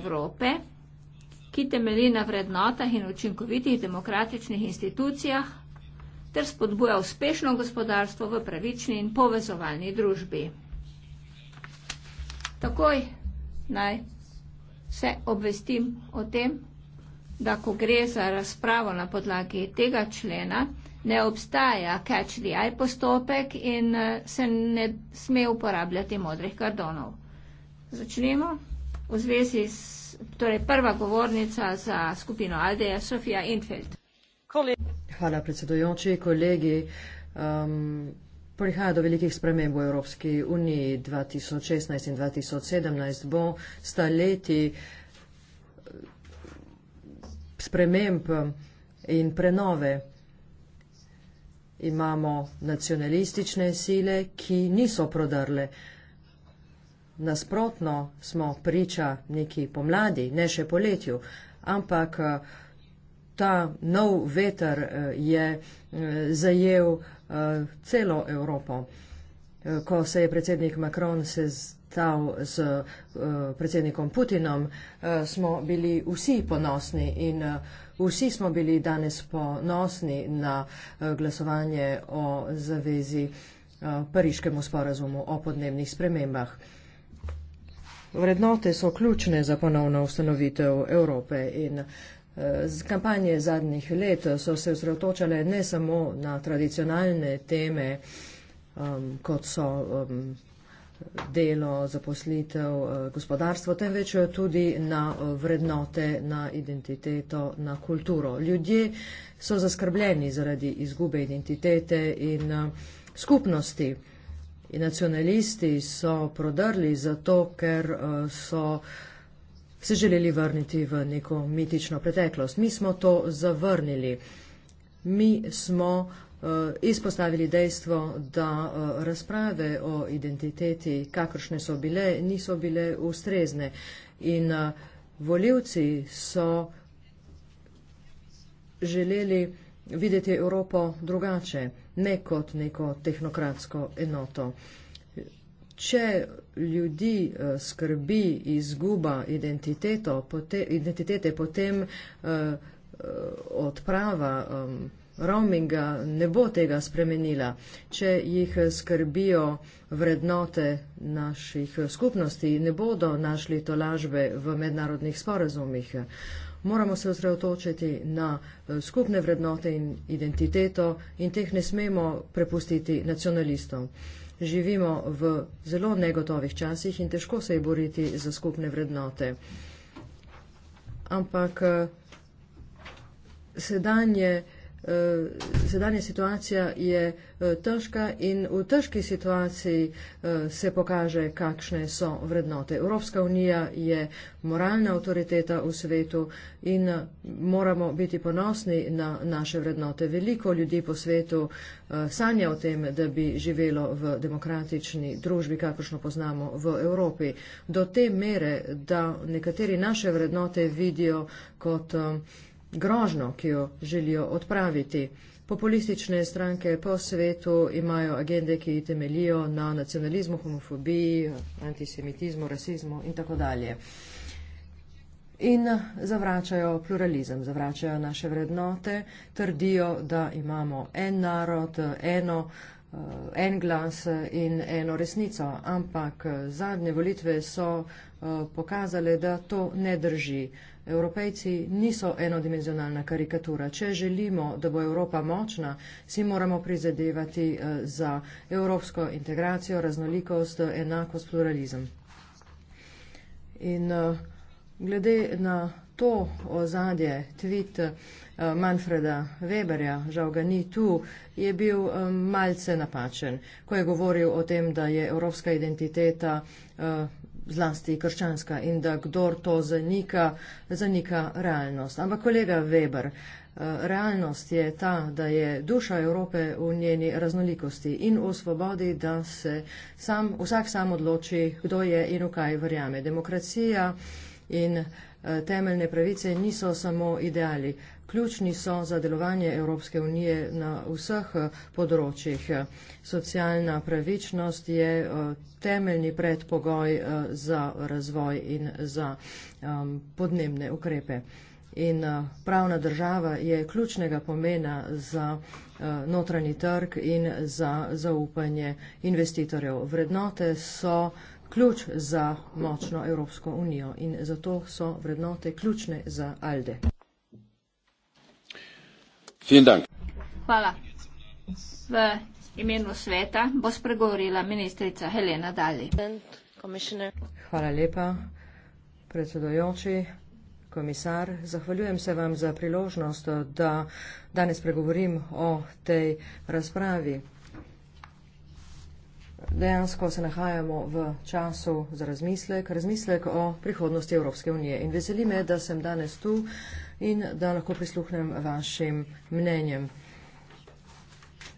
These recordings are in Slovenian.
Evrope, ki temelji na vrednotah in učinkovitih demokratičnih institucijah ter spodbuja uspešno gospodarstvo v pravični in povezovalni družbi. Takoj naj se obvestim o tem, da ko gre za razpravo na podlagi tega člena, ne obstaja catch the eye postopek in eh, se ne sme uporabljati modrih kardonov. Začnemo v zvezi s torej prva govornica za skupino ALDE, Sofija Infeld. Hvala predsedujoči, kolegi. Um, prihaja do velikih sprememb v Evropski uniji 2016 in 2017. Bo sta leti eh, sprememb eh, in prenove. Imamo nacionalistične sile, ki niso prodarle nasprotno smo priča neki pomladi, ne še poletju, ampak eh, ta nov veter eh, je eh, zajel celo Evropo. Ko se je predsednik Macron sestal z predsednikom Putinom, smo bili vsi ponosni in vsi smo bili danes ponosni na glasovanje o zavezi pariškemu sporazumu o podnebnih spremembah vrednote so ključne za ponovno ustanovitev Evrope in eh, Z kampanje zadnjih let so se osredotočale ne samo na tradicionalne teme, um, kot so um, delo, zaposlitev, eh, gospodarstvo, temveč tudi na vrednote, na identiteto, na kulturo. Ljudje so zaskrbljeni zaradi izgube identitete in uh, skupnosti. In nacionalisti so prodrli zato, ker eh, so se želeli vrniti v neko mitično preteklost. Mi smo to zavrnili. Mi smo eh, izpostavili dejstvo, da eh, razprave o identiteti, kakršne so bile, niso bile ustrezne. In voljivci so želeli videti Evropo drugače, ne kot neko tehnokratsko enoto. Če ljudi eh, skrbi izguba identiteto, pote, identitete, potem eh, eh odprava eh, roaminga ne bo tega spremenila. Če jih eh, skrbijo vrednote naših skupnosti, ne bodo našli tolažbe v mednarodnih sporazumih. Eh, moramo se osredotočiti na eh, skupne vrednote in identiteto in teh ne smemo prepustiti nacionalistom. Živimo v zelo negotovih časih in težko se je boriti za skupne vrednote. Ampak eh, sedanje Eh, sedanja situacija je eh, težka in v težki situaciji eh, se pokaže, kakšne so vrednote. Evropska unija je moralna avtoriteta v svetu in moramo biti ponosni na naše vrednote. Veliko ljudi po svetu sanja o tem, da bi živelo v demokratični družbi, kakršno poznamo v Evropi, do te mere, da nekateri naše vrednote vidijo kot grožnjo, ki jo želijo odpraviti. Populistične stranke po svetu imajo agende, ki temelijo na nacionalizmu, homofobiji, antisemitizmu, rasizmu in tako dalje. In zavračajo pluralizem, zavračajo naše vrednote, trdijo, da imamo en narod, eno, eh, en glas in eno resnico. Ampak eh, zadnje volitve so Eh, pokazale, da to ne drži. Evropejci niso enodimenzionalna karikatura. Če želimo, da bo Evropa močna, si moramo prizadevati eh, za evropsko integracijo, raznolikost, enakost, pluralizem. In eh, glede na to ozadje, tweet Manfreda Weberja, žal ga ni tu, je bil malce napačen, ko je govoril o tem, da je evropska identiteta zlasti krščanska in da kdor to zanika, zanika realnost. Ampak kolega Weber, eh, realnost je ta, da je duša Evrope v njeni raznolikosti in v svobodi, da se sam, vsak sam odloči, kdo je in v kaj verjame. Demokracija in eh, temeljne pravice niso samo ideali ključni so za delovanje Evropske unije na vseh eh, področjih. Socialna pravičnost je eh, temeljni predpogoj eh, za razvoj in za ehm, podnebne ukrepe. In pravna država je ključnega pomena za notranji trg in za zaupanje investitorjev. Vrednote so ključ za močno Evropsko unijo in zato so vrednote ključne za Alde. Hvala. V imenu sveta bo spregovorila ministrica Helena Dali. Hvala lepa, predsedojoči, komisar. Zahvaljujem se vam za priložnost, da danes pregovorim o tej razpravi. Dejansko se nahajamo v času za razmislek, razmislek o prihodnosti Evropske unije. In veseli me, da sem danes tu in da lahko prisluhnem vašim mnenjem.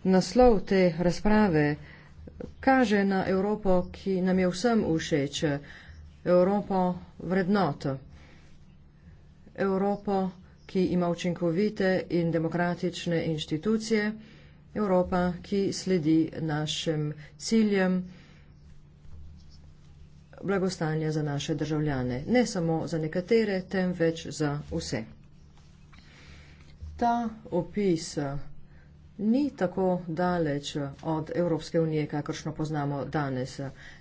Naslov te razprave kaže na Evropo, ki nam je vsem všeč, Evropo vrednot, Evropo, ki ima učinkovite in demokratične inštitucije, Evropa, ki sledi našim ciljem blagostanja za naše državljane, ne samo za nekatere, temveč za vse ta opis ni tako daleč od Evropske unije, kakršno poznamo danes.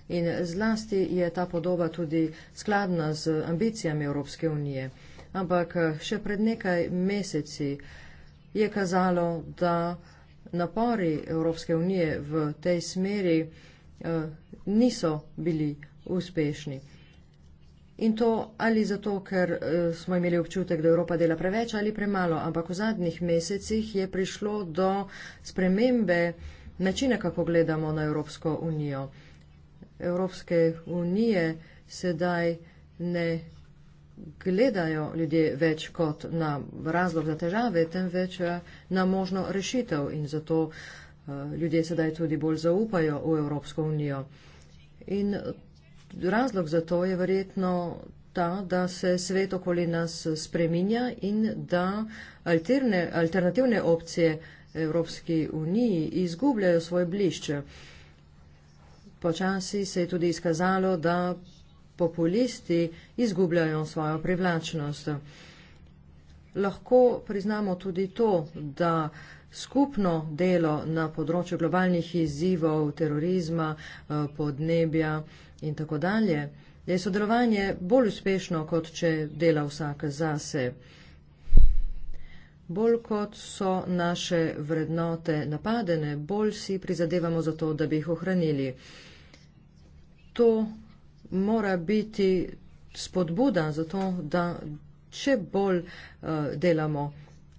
In zlasti je ta podoba tudi skladna z ambicijami Evropske unije. Ampak še pred nekaj meseci je kazalo, da napori Evropske unije v tej smeri eh, niso bili uspešni. In to ali zato, ker eh, smo imeli občutek, da Evropa dela preveč ali premalo, ampak v zadnjih mesecih je prišlo do spremembe načina, kako gledamo na Evropsko unijo. Evropske unije sedaj ne gledajo ljudje več kot na razlog za težave, temveč eh, na možno rešitev in zato eh, ljudje sedaj tudi bolj zaupajo v Evropsko unijo. In razlog za to je verjetno ta, da se svet okoli nas spreminja in da alterne, alternativne opcije Evropski uniji izgubljajo svoje blišče. Počasi se je tudi izkazalo, da populisti izgubljajo svojo privlačnost. Lahko priznamo tudi to, da skupno delo na področju globalnih izzivov, terorizma, eh, podnebja, in tako dalje, je sodelovanje bolj uspešno, kot če dela vsak zase. Bolj kot so naše vrednote napadene, bolj si prizadevamo za to, da bi jih ohranili. To mora biti spodbuda za to, da če bolj uh, delamo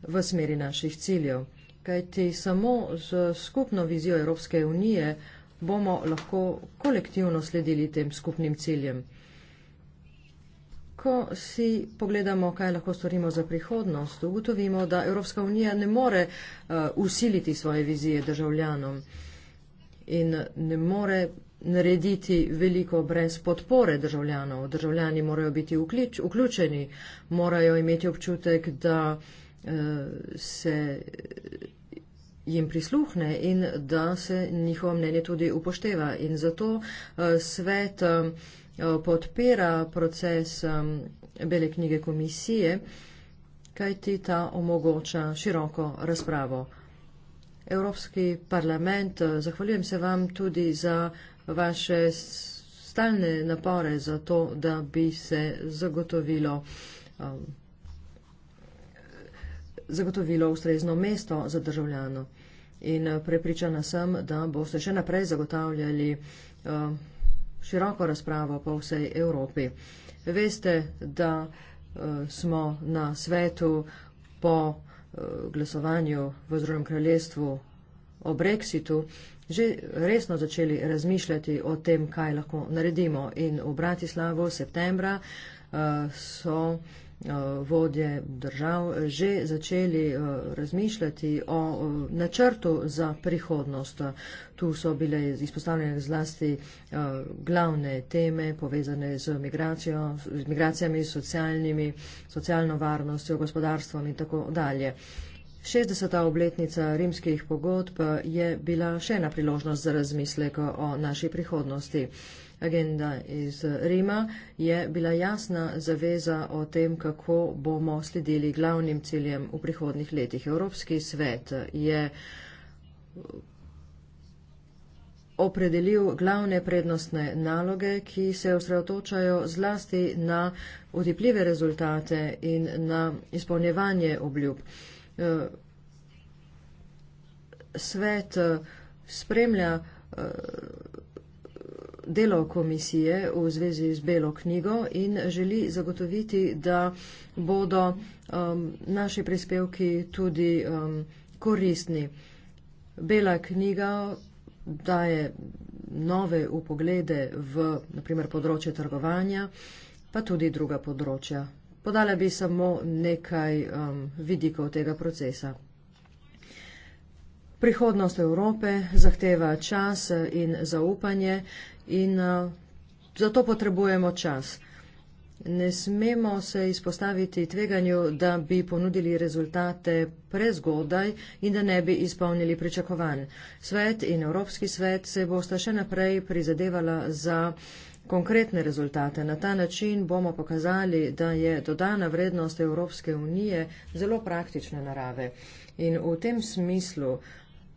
v smeri naših ciljev. Kajti samo z skupno vizijo Evropske unije bomo lahko kolektivno sledili tem skupnim ciljem. Ko si pogledamo, kaj lahko storimo za prihodnost, ugotovimo, da Evropska unija ne more uh, usiliti svoje vizije državljanom in ne more narediti veliko brez podpore državljanov. Državljani morajo biti vključ, vključeni, morajo imeti občutek, da uh, se jim prisluhne in da se njihovo mnenje tudi upošteva. In zato eh, svet eh, podpira proces eh, Bele knjige komisije, kaj ti ta omogoča široko razpravo. Evropski parlament, zahvaljujem se vam tudi za vaše stalne napore za to, da bi se zagotovilo. Um, zagotovilo ustrezno mesto za državljano. In eh, prepričana sem, da boste še naprej zagotavljali eh, široko razpravo po vsej Evropi. Veste, da eh, smo na svetu po glasovanju v Združenem kraljestvu o Brexitu že resno začeli razmišljati o tem, kaj lahko naredimo. In v Bratislavu septembra so Eh, vodje držav eh, že začeli eh, razmišljati o načrtu za prihodnost. Tu so bile izpostavljene zlasti glavne teme povezane z migracijo, z migracijami, socialnimi, socialno varnostjo, gospodarstvom in tako dalje. 60. obletnica rimskih pogodb je bila še ena priložnost za razmislek o naši prihodnosti agenda iz Rima, je bila jasna zaveza o tem, kako bomo sledili glavnim ciljem v prihodnih letih. Evropski svet je opredelil glavne prednostne naloge, ki se osredotočajo zlasti na utipljive rezultate in na izpolnjevanje obljub. Svet eh, spremlja eh, delo komisije v zvezi z Belo knjigo in želi zagotoviti, da bodo um, naši prispevki tudi um, koristni. Bela knjiga daje nove upoglede v naprimer, področje trgovanja, pa tudi druga področja. Podala bi samo nekaj um, vidikov tega procesa. Prihodnost Evrope zahteva čas in zaupanje in zato potrebujemo čas. Ne smemo se izpostaviti tveganju, da bi ponudili rezultate prezgodaj in da ne bi izpolnili pričakovanj. Svet in Evropski svet se bosta še naprej prizadevala za konkretne rezultate. Na ta način bomo pokazali, da je dodana vrednost Evropske unije zelo praktične narave. In v tem smislu uh,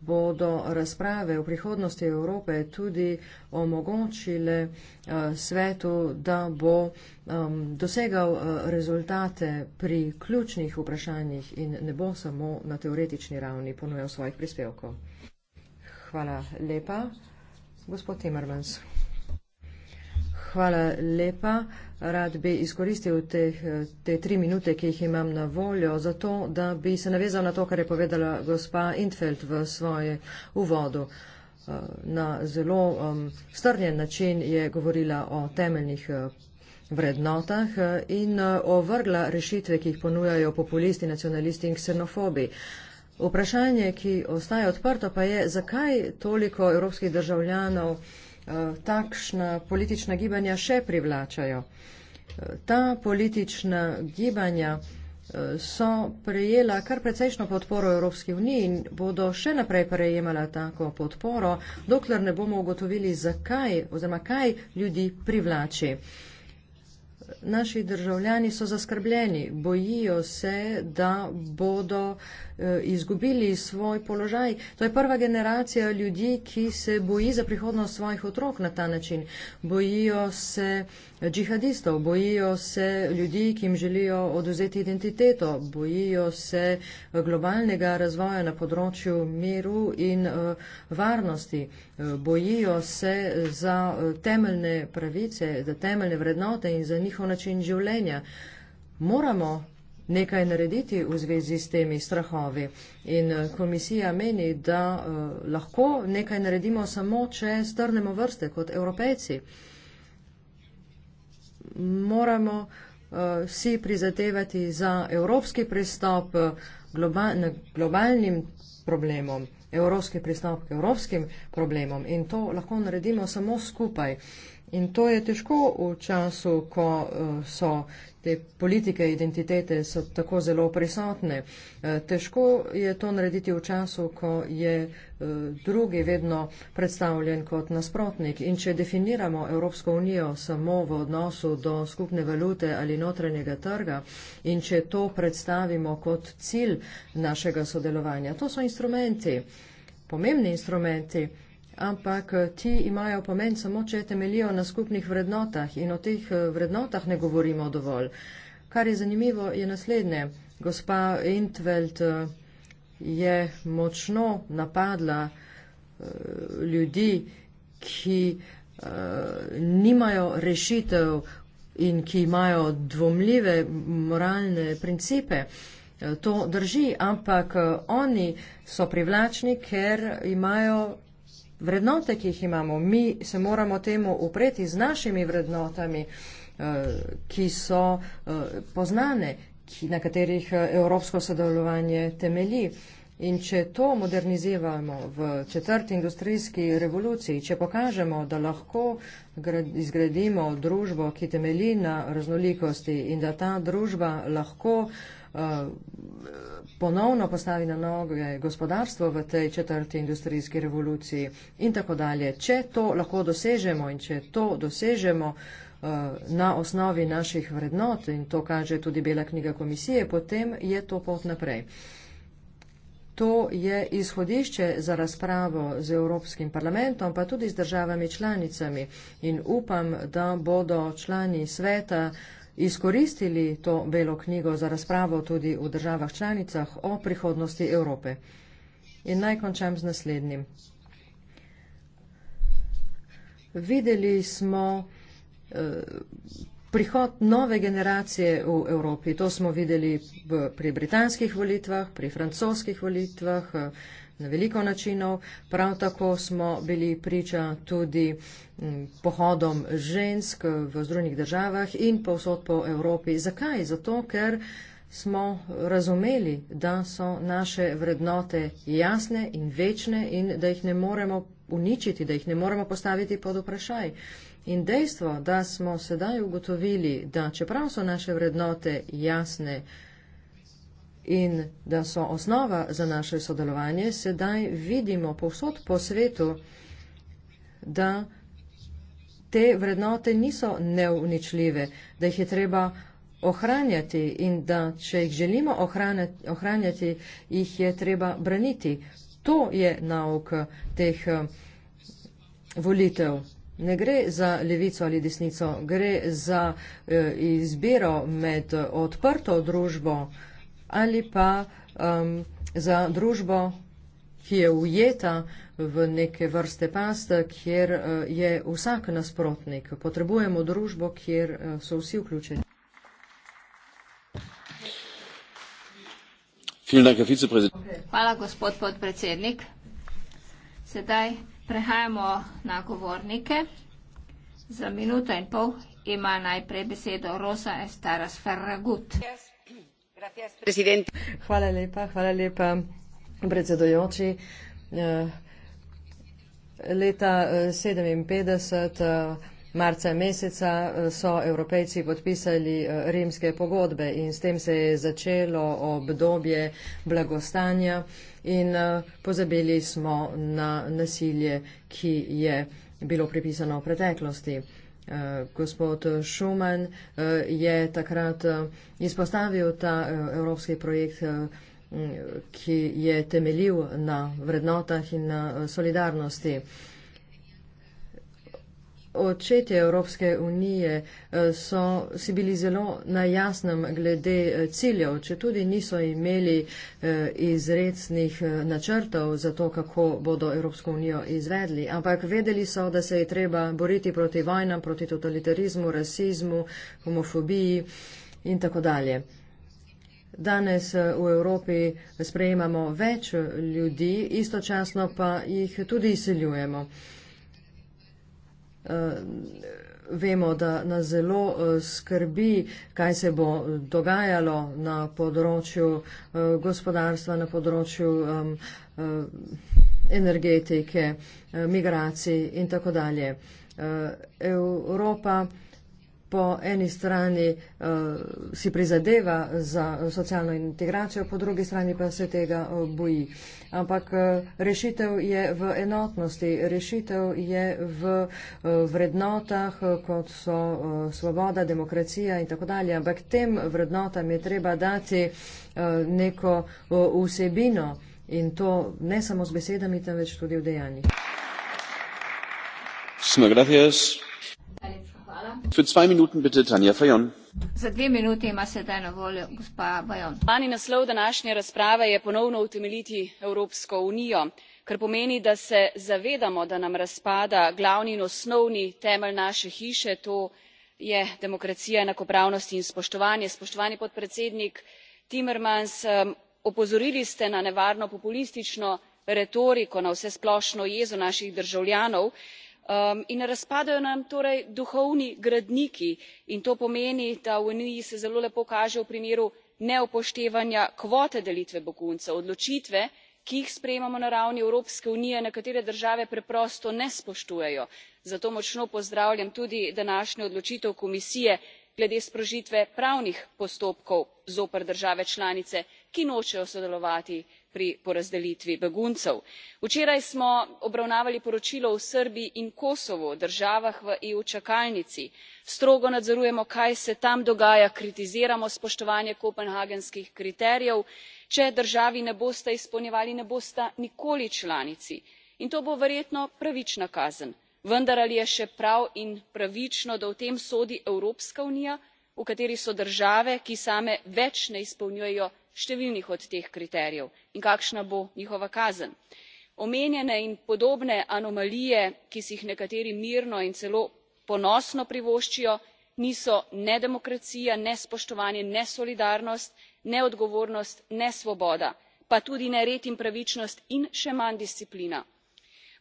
bodo razprave v prihodnosti Evrope tudi omogočile eh, svetu, da bo um, dosegal eh, rezultate pri ključnih vprašanjih in ne bo samo na teoretični ravni ponujal svojih prispevkov. Hvala lepa. Gospod Timmermans. Hvala lepa. Rad bi izkoristil te, te tri minute, ki jih imam na voljo, zato da bi se navezal na to, kar je povedala gospa Intfeld v svoje uvodu. Eh, na zelo um, strnjen način je govorila o temeljnih eh, vrednotah eh, in ovrgla rešitve, ki jih ponujajo populisti, nacionalisti in ksenofobi. Vprašanje, ki ostaje odprto, pa je, zakaj toliko evropskih državljanov uh, Eh, takšna politična gibanja še privlačajo. Eh, ta politična gibanja eh, so prejela kar precejšno podporo Evropski uniji in bodo še naprej prejemala tako podporo, dokler ne bomo ugotovili, zakaj oziroma kaj ljudi privlači naši državljani so zaskrbljeni, bojijo se, da bodo eh, izgubili svoj položaj. To je prva generacija ljudi, ki se boji za prihodnost svojih otrok na ta način. Bojijo se džihadistov, bojijo se ljudi, ki jim želijo oduzeti identiteto, bojijo se eh, globalnega razvoja na področju miru in eh, varnosti, eh, bojijo se za temeljne pravice, za temeljne vrednote in za njihov način življenja. Moramo nekaj narediti v zvezi s temi strahovi. In komisija meni, da uh, lahko nekaj naredimo samo, če strnemo vrste kot evropejci. Uh, moramo vsi eh, prizadevati za evropski pristop eh, global, globalnim problemom, evropski pristop k evropskim problemom in to lahko naredimo samo skupaj. In to je težko v času, ko eh, so uh, te politike identitete so tako zelo prisotne. E, težko je to narediti v času, ko je e, drugi vedno predstavljen kot nasprotnik. In če definiramo Evropsko unijo samo v odnosu do skupne valute ali notranjega trga in če to predstavimo kot cilj našega sodelovanja, to so instrumenti, pomembni instrumenti, ampak eh, ti imajo pomen samo, če temelijo na skupnih vrednotah in o teh eh, vrednotah ne govorimo dovolj. Kar je zanimivo, je naslednje. Gospa Intveld eh, je močno napadla ljudi, ki nimajo rešitev in ki imajo dvomljive moralne principe. To drži, ampak oni so privlačni, ker imajo Vrednote, ki jih imamo, mi se moramo temu upreti z našimi vrednotami, eh, ki so eh, poznane, na katerih eh, evropsko sodelovanje temelji. In če to moderniziramo v četrti industrijski revoluciji, če pokažemo, da lahko izgradimo družbo, ki temelji na raznolikosti in da ta družba lahko ponovno postavi na noge gospodarstvo v tej četrti industrijski revoluciji in tako dalje. Če to lahko dosežemo in če to dosežemo eh, na osnovi naših vrednot in to kaže tudi Bela knjiga komisije, potem je to pot naprej. To je izhodišče za razpravo z Evropskim parlamentom, pa tudi z državami članicami in upam, da bodo člani sveta uh, izkoristili to belo knjigo za razpravo tudi v državah članicah o prihodnosti Evrope. In naj končam z naslednjim. Videli smo eh, prihod nove generacije v Evropi. To smo videli pri britanskih volitvah, pri francoskih volitvah. Eh, na veliko načinov. Prav tako smo bili priča tudi mm, pohodom žensk v združenih državah in povsod po Evropi. Zakaj? Zato, ker smo razumeli, da so naše vrednote jasne in večne in da jih ne moremo uničiti, da jih ne moremo postaviti pod vprašaj. In dejstvo, da smo sedaj ugotovili, da čeprav so naše vrednote jasne, in da so osnova za naše sodelovanje, sedaj vidimo povsod po svetu, da te vrednote niso neuničljive, da jih je treba ohranjati in da, če jih želimo ohranjati, ohranjati jih je treba braniti. To je nauk teh eh, volitev. Ne gre za levico ali desnico, gre za eh, izbiro med eh, odprto družbo, ali pa um, za družbo, ki je ujeta v neke vrste paste, kjer uh, je vsak nasprotnik. Potrebujemo družbo, kjer uh, so vsi vključeni. Hvala, gospod podpredsednik. Sedaj prehajamo na govornike. Za minuto in pol ima najprej besedo Rosa Estaras Ferragut. Yes. Hvala lepa, hvala lepa, predsedujoči. Eh, leta eh, sedeminpetdeset, eh, marca meseca, so Evropejci podpisali rimske pogodbe in s tem se je začelo obdobje blagostanja in pozabili smo na nasilje, ki je bilo pripisano v preteklosti. Eh, gospod Šuman eh, je takrat eh, izpostavil ta evropski projekt, ki je temeljil na vrednotah in na solidarnosti očetje Evropske unije eh, so si bili zelo na jasnem glede eh, ciljev, če tudi niso imeli eh, izrecnih načrtov za to, kako bodo Evropsko unijo izvedli. Ampak vedeli so, da se je treba boriti proti vojnam, proti totalitarizmu, rasizmu, homofobiji in tako dalje. Danes v Evropi sprejemamo več ljudi, istočasno pa jih tudi izseljujemo. Eh, vemo, da nas zelo eh, skrbi, kaj se bo dogajalo na področju eh, gospodarstva, na področju energetike, migracij in tako dalje. Evropa po eni strani uh, si prizadeva za socialno integracijo, po drugi strani pa se tega uh, boji. Ampak uh, rešitev je v enotnosti, rešitev je v uh, vrednotah, uh, kot so uh, svoboda, demokracija in tako dalje. Ampak tem vrednotam je treba dati uh, neko uh, vsebino in to ne samo z besedami, temveč tudi v dejanjih. Muchas gracias. Für zwei Minuten bitte Tanja Fajon. Za dve minuti ima sedaj na voljo gospa Bajon. Glavni naslov današnje razprave je ponovno utemeljiti Evropsko unijo, kar pomeni, da se zavedamo, da nam razpada glavni in osnovni temelj naše hiše, to je demokracija, enakopravnost in spoštovanje. Spoštovani podpredsednik Timmermans, opozorili ste na nevarno populistično retoriko, na vse splošno jezo naših državljanov. Um, in razpadajo nam torej duhovni gradniki in to pomeni da v uniji se zelo lepo kaže v primeru neupoštevanja kvote delitve beguncev odločitve ki jih sprejemamo na ravni evropske unije nekatere države preprosto ne spoštujejo zato močno pozdravljam tudi današnjo odločitev komisije glede sprožitve pravnih postopkov zoper države članice ki nočejo sodelovati pri porazdelitvi beguncev. včeraj smo obravnavali poročilo o srbiji in kosovu državah v eu čakalnici strogo nadzorujemo kaj se tam dogaja kritiziramo spoštovanje kopenhagenskih kriterijev če državi ne bosta izpolnjevali ne bosta nikoli članici in to bo verjetno pravična kazen vendar ali je še prav in pravično da o tem sodi evropska unija v kateri so države ki same več ne izpolnjujejo številnih od teh kriterijev in kakšna bo njihova kazen. omenjene in podobne anomalije ki si jih nekateri mirno in celo ponosno privoščijo niso ne demokracija ne spoštovanje ne solidarnost ne odgovornost ne svoboda pa tudi ne red in pravičnost in še manj disciplina.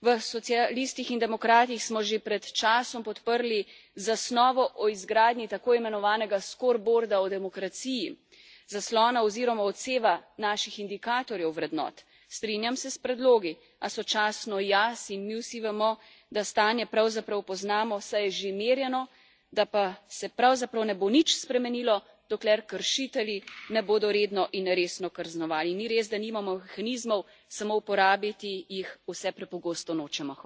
v socialistih in demokratih smo že pred časom podprli zasnovo o izgradnji tako imenovanega scoreboarda o demokraciji zaslona oziroma odseva naših indikatorjev vrednot strinjam se s predlogi a sočasno jaz in mi vsi vemo da stanje pravzaprav poznamo saj je že merjeno da pa se pravzaprav ne bo nič spremenilo dokler kršitelji ne bodo redno in resno kaznovani in ni res da nimamo mehanizmov samo uporabiti jih vse prepogosto nočemo.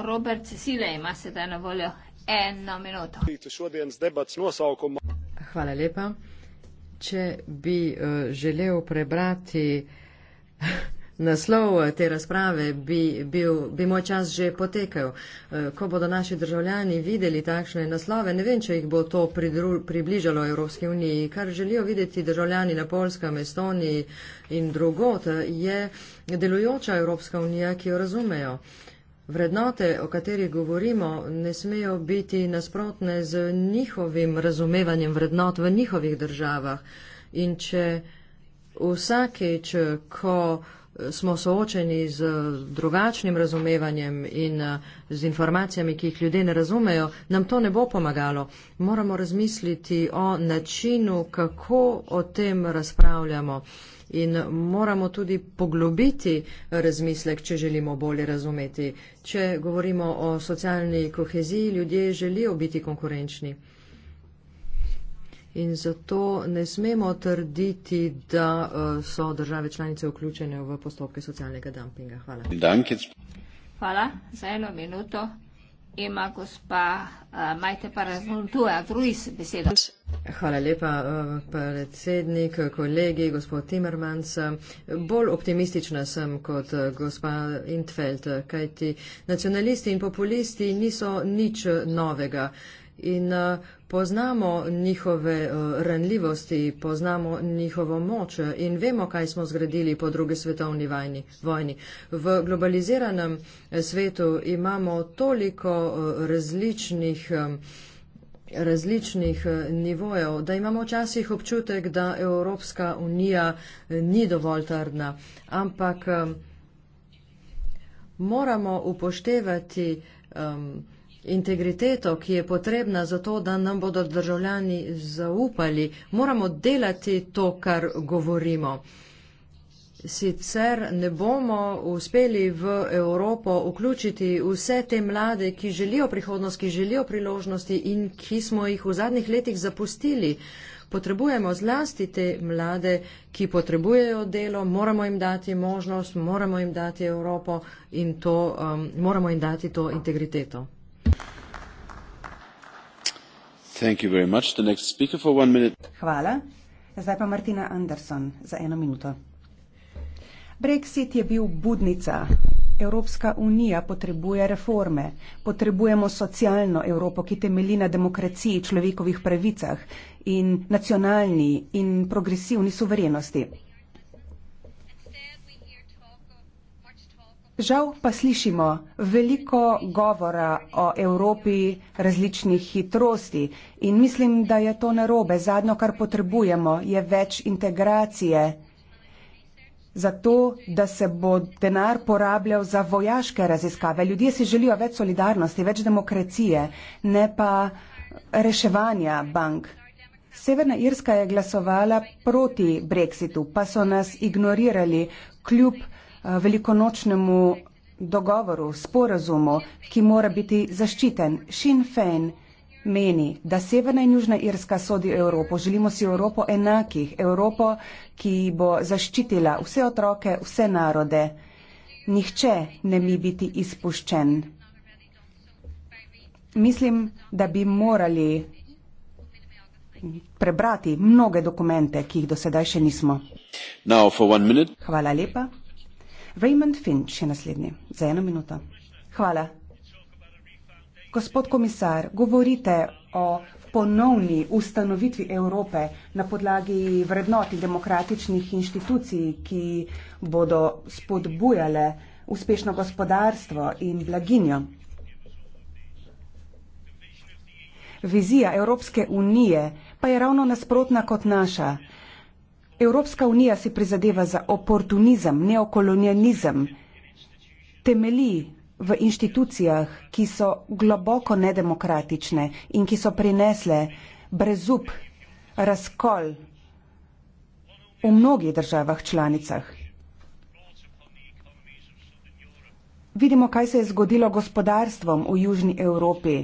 Robert Cecile ima sedaj na voljo eno minuto. Hvala lepa. Če bi eh, želel prebrati naslov eh, te razprave, bi, bil, bi moj čas že potekel. Eh, ko bodo naši državljani videli takšne naslove, ne vem, če jih bo to pridru, približalo Evropske unije, kar želijo videti državljani na Polskem, Estoniji in drugot, je delujoča Evropska unija, ki jo razumejo vrednote, o katerih govorimo, ne smejo biti nasprotne z njihovim razumevanjem vrednot v njihovih državah. In če vsakeč, ko smo soočeni z drugačnim razumevanjem in eh, z informacijami, ki jih ljudje ne razumejo, nam to ne bo pomagalo. Moramo razmisliti o načinu, kako o tem razpravljamo. In moramo tudi poglobiti eh, razmislek, če želimo bolje razumeti. Če govorimo o socialni koheziji, ljudje želijo biti konkurenčni. In zato ne smemo trditi, da eh, so države članice vključene v postopke socialnega dumpinga. Hvala. Dankic. Hvala za eno minuto. Ima gospa eh, Majte Paraznuntua, Gruis, besedo. Hvala lepa, eh, predsednik, kolegi, gospod Timmermans. Bolj optimistična sem kot gospa Intfeld, kajti nacionalisti in populisti niso nič novega in uh, poznamo njihove uh, ranljivosti, poznamo njihovo moč eh, in vemo, kaj smo zgradili po druge svetovni vajni, vojni. V globaliziranem svetu imamo toliko uh, različnih. Um, različnih nivojev, da imamo včasih občutek, da Evropska unija ni dovolj trdna, ampak moramo upoštevati um, integriteto, ki je potrebna za to, da nam bodo državljani zaupali, moramo delati to, kar govorimo. Sicer ne bomo uspeli v Evropo vključiti vse te mlade, ki želijo prihodnost, ki želijo priložnosti in ki smo jih v zadnjih letih zapustili. Potrebujemo zlasti te mlade, ki potrebujejo delo, moramo jim dati možnost, moramo jim dati Evropo in to, um, moramo jim dati to integriteto. Hvala. Zdaj pa Martina Anderson za eno minuto. Brexit je bil budnica. Evropska unija potrebuje reforme. Potrebujemo socialno Evropo, ki temelji na demokraciji, človekovih pravicah in nacionalni in progresivni suverenosti. Žal pa slišimo veliko govora o Evropi različnih hitrosti in mislim, da je to narobe. Zadnjo, kar potrebujemo, je več integracije, zato da se bo denar porabljal za vojaške raziskave. Ljudje si želijo več solidarnosti, več demokracije, ne pa reševanja bank. Severna Irska je glasovala proti Brexitu, pa so nas ignorirali kljub Eh, velikonočnemu dogovoru, sporazumu, ki mora biti zaščiten. Sinn Fein meni, da Severna in Južna Irska sodi Evropo. Želimo si Evropo enakih, Evropo, ki bo zaščitila vse otroke, vse narode. Nihče ne bi biti izpuščen. Mislim, da bi morali prebrati mnoge dokumente, ki jih do sedaj še nismo. Hvala lepa. Raymond Finch je naslednji. Za eno minuto. Hvala. Gospod komisar, govorite o ponovni ustanovitvi Evrope na podlagi vrednot in demokratičnih inštitucij, ki bodo spodbujale uspešno gospodarstvo in blaginjo. Vizija Evropske unije pa je ravno nasprotna kot naša. Evropska unija si prizadeva za oportunizem, neokolonializem, temelji v inštitucijah, ki so globoko nedemokratične in ki so prinesle brezup, razkol v mnogih državah članicah. Vidimo, kaj se je zgodilo gospodarstvom v Južni Evropi.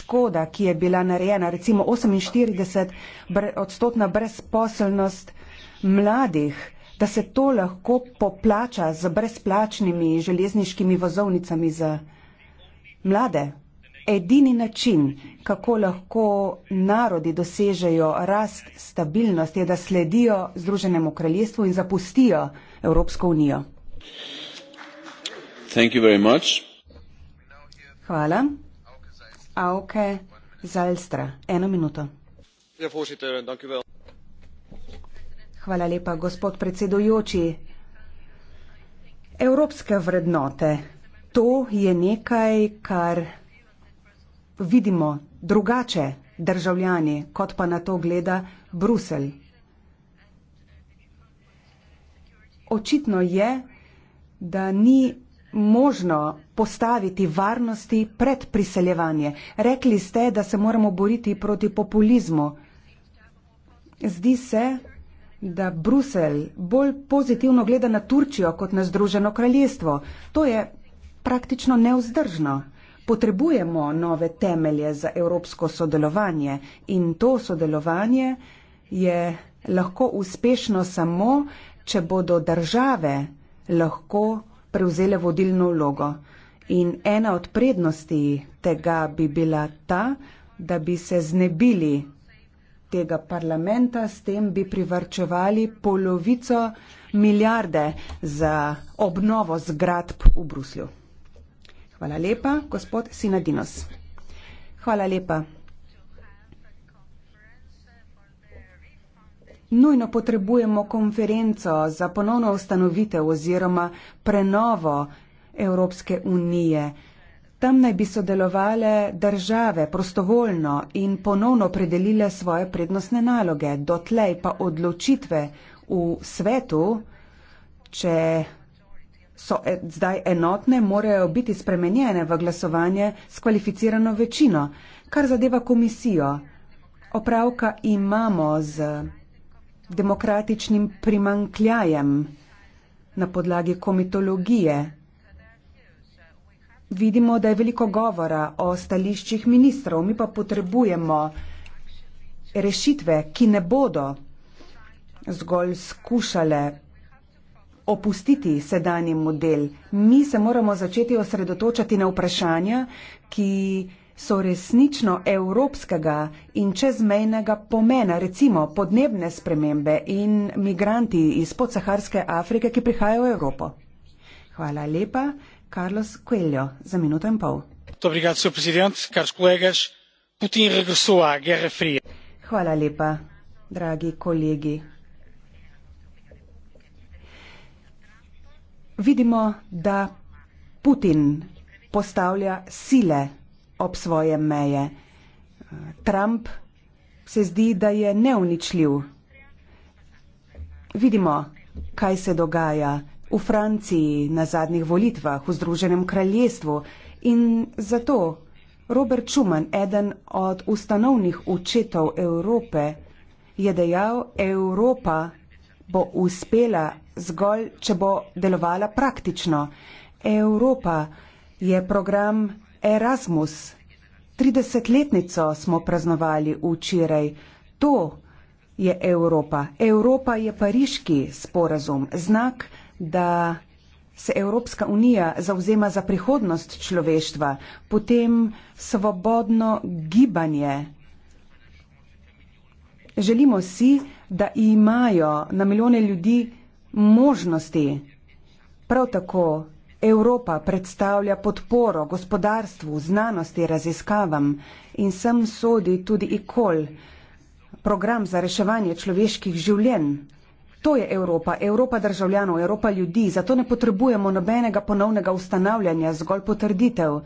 Škoda, ki je bila narejena, recimo 48 odstotna brezposelnost, mladih, da se to lahko poplača z brezplačnimi železniškimi vozovnicami za mlade. Edini način, kako lahko narodi dosežejo rast stabilnosti, je, da sledijo Združenemu kraljestvu in zapustijo Evropsko unijo. Hvala. Auke Zalstra, eno minuto. Ja, Hvala lepa, gospod predsedujoči. Evropske vrednote, to je nekaj, kar vidimo drugače državljani, kot pa na to gleda Bruselj. Očitno je, da ni možno postaviti varnosti pred priseljevanje. Rekli ste, da se moramo boriti proti populizmu. Zdi se, da Bruselj bolj pozitivno gleda na Turčijo kot na Združeno kraljestvo. To je praktično neuzdržno. Potrebujemo nove temelje za evropsko sodelovanje in to sodelovanje je lahko uspešno samo, če bodo države lahko prevzele vodilno vlogo. In ena od prednosti tega bi bila ta, da bi se znebili tega parlamenta, s tem bi privrčevali polovico milijarde za obnovo zgradb v Bruslju. Hvala lepa, gospod Sinadinos. Hvala lepa. Nujno potrebujemo konferenco za ponovno ustanovitev oziroma prenovo Evropske unije. Tam naj bi sodelovale države prostovoljno in ponovno predelile svoje prednostne naloge, dotlej pa odločitve v svetu, če so e, zdaj enotne, morajo biti spremenjene v glasovanje s kvalificirano večino. Kar zadeva komisijo, opravka imamo z demokratičnim primankljajem na podlagi komitologije, vidimo, da je veliko govora o stališčih ministrov, mi pa potrebujemo rešitve, ki ne bodo zgolj skušale opustiti sedanji model. Mi se moramo začeti osredotočati na vprašanja, ki so resnično evropskega in čezmejnega pomena, recimo podnebne spremembe in migranti iz podsaharske Afrike, ki prihajajo v Evropo. Hvala lepa. Carlos Coelho, za minuto in pol. Muito obrigado, Sr. Presidente, caros colegas. Putin regressou à Guerra Fria. Hvala lepa, dragi kolegi. Vidimo, da Putin postavlja sile ob svoje meje. Trump se zdi, da je neuničljiv. Vidimo, kaj se dogaja v Franciji na zadnjih volitvah v Združenem kraljestvu in zato Robert Schuman, eden od ustanovnih učetov Evrope, je dejal, Evropa bo uspela zgolj, če bo delovala praktično. Evropa je program Erasmus. 30-letnico smo praznovali včeraj. To je Evropa. Evropa je pariški sporazum, znak Evropa da se Evropska unija zauzema za prihodnost človeštva, potem svobodno gibanje. Želimo si, da imajo na milijone ljudi možnosti. Prav tako Evropa predstavlja podporo gospodarstvu, znanosti, raziskavam in sem sodi tudi IKOL, program za reševanje človeških življenj. To je Evropa, Evropa državljanov, Evropa ljudi, zato ne potrebujemo nobenega ponovnega ustanavljanja, zgolj potrditev.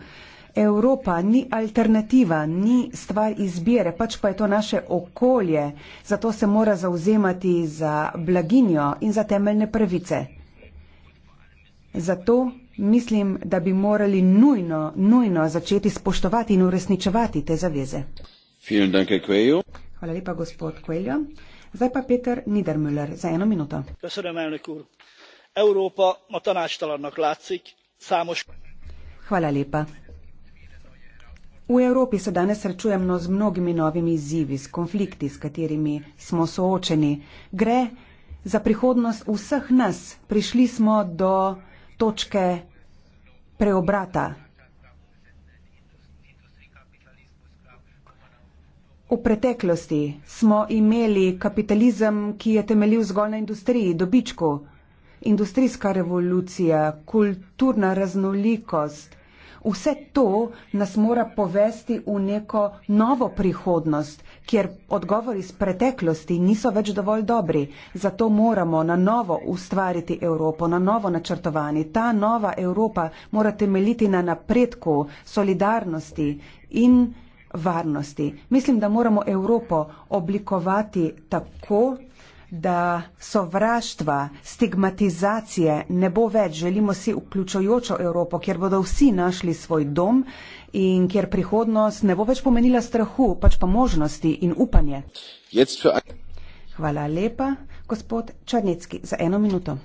Evropa ni alternativa, ni stvar izbire, pač pa je to naše okolje, zato se mora zauzemati za blaginjo in za temeljne pravice. Zato mislim, da bi morali nujno, nujno začeti spoštovati in uresničevati te zaveze. Hvala lepa, gospod Kveljo. Zdaj pa Peter Niedermüller za eno minuto. Köszönöm, elnök úr. Európa ma tanástalannak látszik, számos... Hvala lepa. V Evropi se danes srečujemo z mnogimi novimi izzivi, s konflikti, s katerimi smo soočeni. Gre za prihodnost vseh nas. Prišli smo do točke preobrata. V preteklosti smo imeli kapitalizem, ki je temeljil zgolj na industriji, dobičku. Industrijska revolucija, kulturna raznolikost, vse to nas mora povesti v neko novo prihodnost, kjer odgovori iz preteklosti niso več dovolj dobri. Zato moramo na novo ustvariti Evropo, na novo načrtovani. Ta nova Evropa mora temeljiti na napredku, solidarnosti in varnosti. Mislim, da moramo Evropo oblikovati tako, da sovraštva, stigmatizacije ne bo več. Želimo si vključujočo Evropo, kjer bodo vsi našli svoj dom in kjer prihodnost ne bo več pomenila strahu, pač pa možnosti in upanje. Hvala lepa, gospod Črnecki, za eno minuto.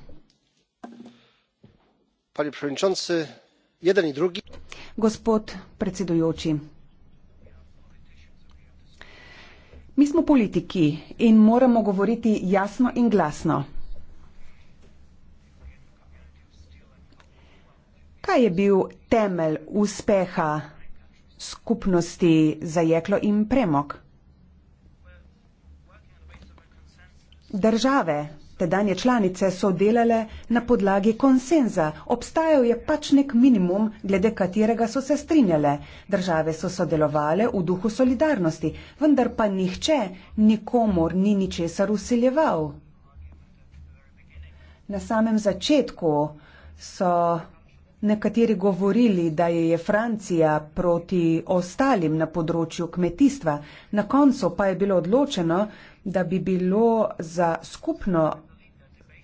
Gospod predsedujoči, Mi smo politiki in moramo govoriti jasno in glasno. Kaj je bil temelj uspeha skupnosti za jeklo in premog? Države, Tedanje članice so delale na podlagi konsenza. Obstajal je pač nek minimum, glede katerega so se strinjale. Države so sodelovale v duhu solidarnosti, vendar pa nihče nikomor ni ničesar usiljeval. Na samem začetku so nekateri govorili, da je, je Francija proti ostalim na področju kmetijstva, na koncu pa je bilo odločeno, da bi bilo za skupno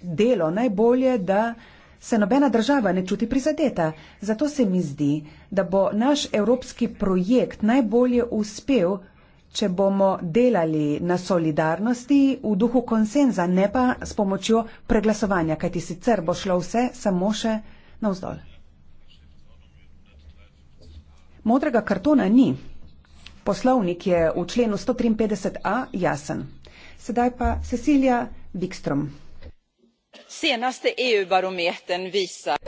delo najbolje, da se nobena država ne čuti prizadeta. Zato se mi zdi, da bo naš evropski projekt najbolje uspel, če bomo delali na solidarnosti v duhu konsenza, ne pa s pomočjo preglasovanja, kajti sicer bo šlo vse samo še navzdol. Modrega kartona ni. Poslovnik je v členu 153a jasen. Sedaj pa Cecilija Wikström senaste EU-barometern visar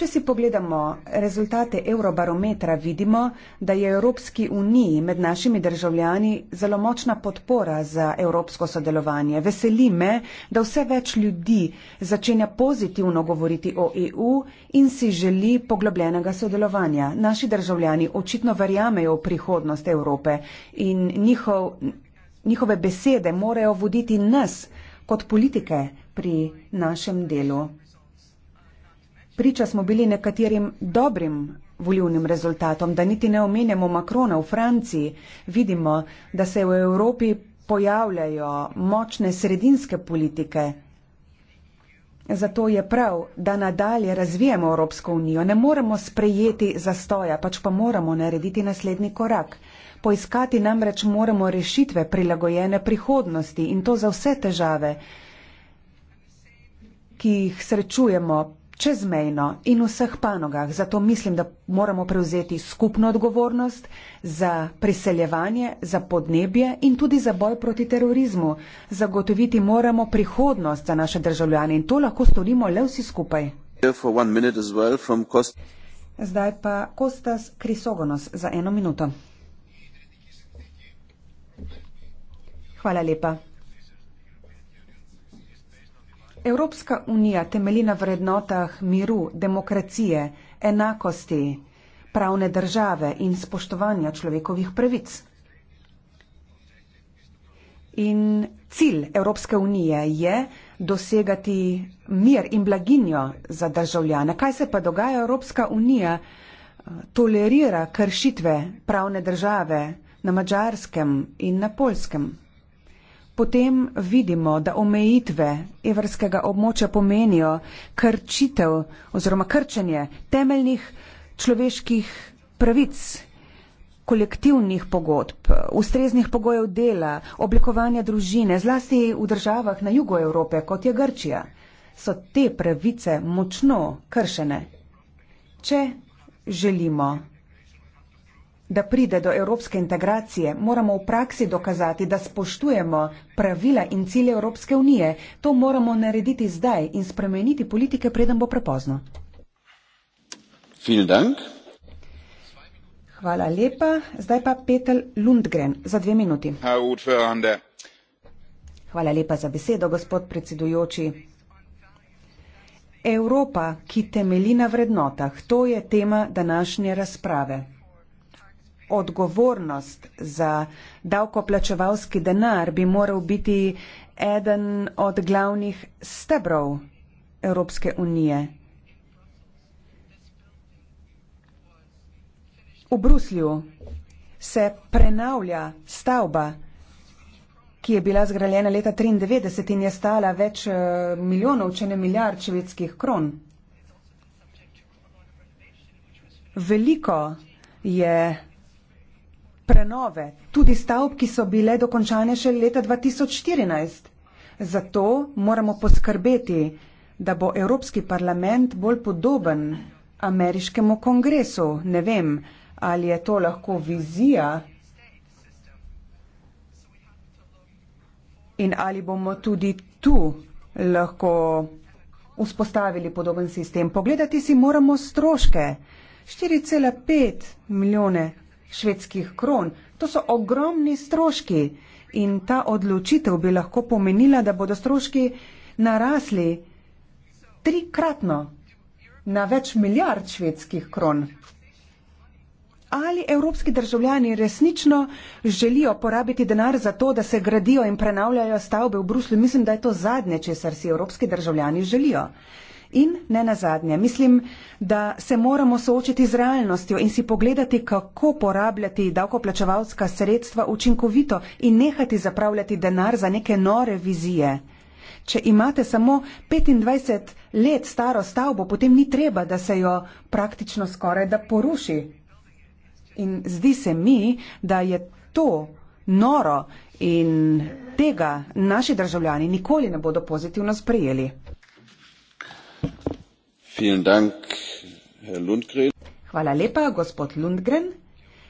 Če si pogledamo rezultate eurobarometra, vidimo, da je Evropski uniji med našimi državljani zelo močna podpora za evropsko sodelovanje. Veseli me, da vse več ljudi začenja pozitivno govoriti o EU in si želi poglobljenega sodelovanja. Naši državljani očitno verjamejo v prihodnost Evrope in njihov, njihove besede morajo voditi nas kot politike, pri našem delu. Priča smo bili nekaterim dobrim volivnim rezultatom, da niti ne omenjamo Makrona v Franciji. Vidimo, da se v Evropi pojavljajo močne sredinske politike. Zato je prav, da nadalje razvijemo Evropsko unijo. Ne moremo sprejeti zastoja, pač pa moramo narediti naslednji korak. Poiskati namreč moramo rešitve prilagojene prihodnosti in to za vse težave, ki jih srečujemo čezmejno in v vseh panogah. Zato mislim, da moramo prevzeti skupno odgovornost za priseljevanje, za podnebje in tudi za boj proti terorizmu. Zagotoviti moramo prihodnost za naše državljane in to lahko storimo le vsi skupaj. Zdaj pa Kostas Krisogonos za eno minuto. Hvala lepa. Evropska unija temelji na vrednotah miru, demokracije, enakosti, pravne države in spoštovanja človekovih pravic. In cilj Evropske unije je dosegati mir in blaginjo za državljane. Kaj se pa dogaja? Evropska unija eh, tolerira kršitve pravne države na mačarskem in na polskem potem vidimo, da omejitve evrskega območja pomenijo krčitev oziroma krčenje temeljnih človeških pravic, kolektivnih pogodb, ustreznih pogojev dela, oblikovanja družine, zlasti v državah na jugu Evrope, kot je Grčija, so te pravice močno kršene. Če želimo Da pride do evropske integracije, moramo v praksi dokazati, da spoštujemo pravila in cilje Evropske unije. To moramo narediti zdaj in spremeniti politike, preden bo prepozno. Hvala lepa. Zdaj pa Petel Lundgren za dve minuti. Hvala lepa za besedo, gospod predsedujoči. Evropa, ki temeli na vrednotah, to je tema današnje razprave odgovornost za davkoplačevalski denar bi moral biti eden od glavnih stebrov Evropske unije. V Bruslju se prenavlja stavba, ki je bila zgrajena leta 1993 in je stala več eh, milijonov, če ne milijard švedskih kron. Veliko je prenove, tudi stavb, ki so bile dokončane še leta 2014. Zato moramo poskrbeti, da bo Evropski parlament bolj podoben ameriškemu kongresu. Ne vem, ali je to lahko vizija in ali bomo tudi tu lahko vzpostavili podoben sistem. Pogledati si moramo stroške. 4,5 milijone švedskih kron. To so ogromni stroški in ta odločitev bi lahko pomenila, da bodo stroški narasli trikratno na več milijard švedskih kron. Ali evropski državljani resnično želijo porabiti denar za to, da se gradijo in prenavljajo stavbe v Bruslju? Mislim, da je to zadnje, česar si evropski državljani želijo. In ne nazadnje, mislim, da se moramo soočiti z realnostjo in si pogledati, kako porabljati davkoplačevalska sredstva učinkovito in nehati zapravljati denar za neke nore vizije. Če imate samo 25 let staro stavbo, potem ni treba, da se jo praktično skoraj da poruši. In zdi se mi, da je to noro in tega naši državljani nikoli ne bodo pozitivno sprejeli. Hvala lepa, gospod Lundgren.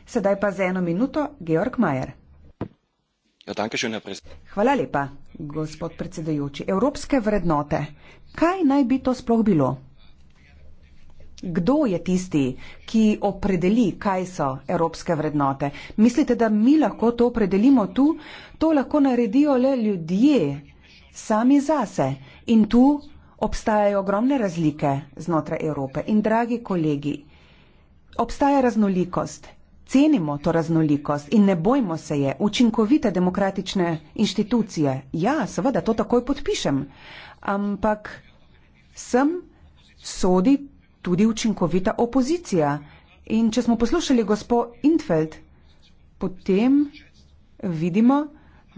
Sedaj pa za eno minuto Georg Mayer. Ja, Hvala lepa, gospod predsedujoči. Evropske vrednote. Kaj naj bi to sploh bilo? Kdo je tisti, ki opredeli, kaj so evropske vrednote? Mislite, da mi lahko to opredelimo tu? To lahko naredijo le ljudje, sami zase. In tu obstajajo ogromne razlike znotraj Evrope. In dragi kolegi, obstaja raznolikost. Cenimo to raznolikost in ne bojmo se je. Učinkovite demokratične inštitucije. Ja, seveda, to takoj podpišem. Ampak sem sodi tudi učinkovita opozicija. In če smo poslušali gospod Intfeld, potem vidimo,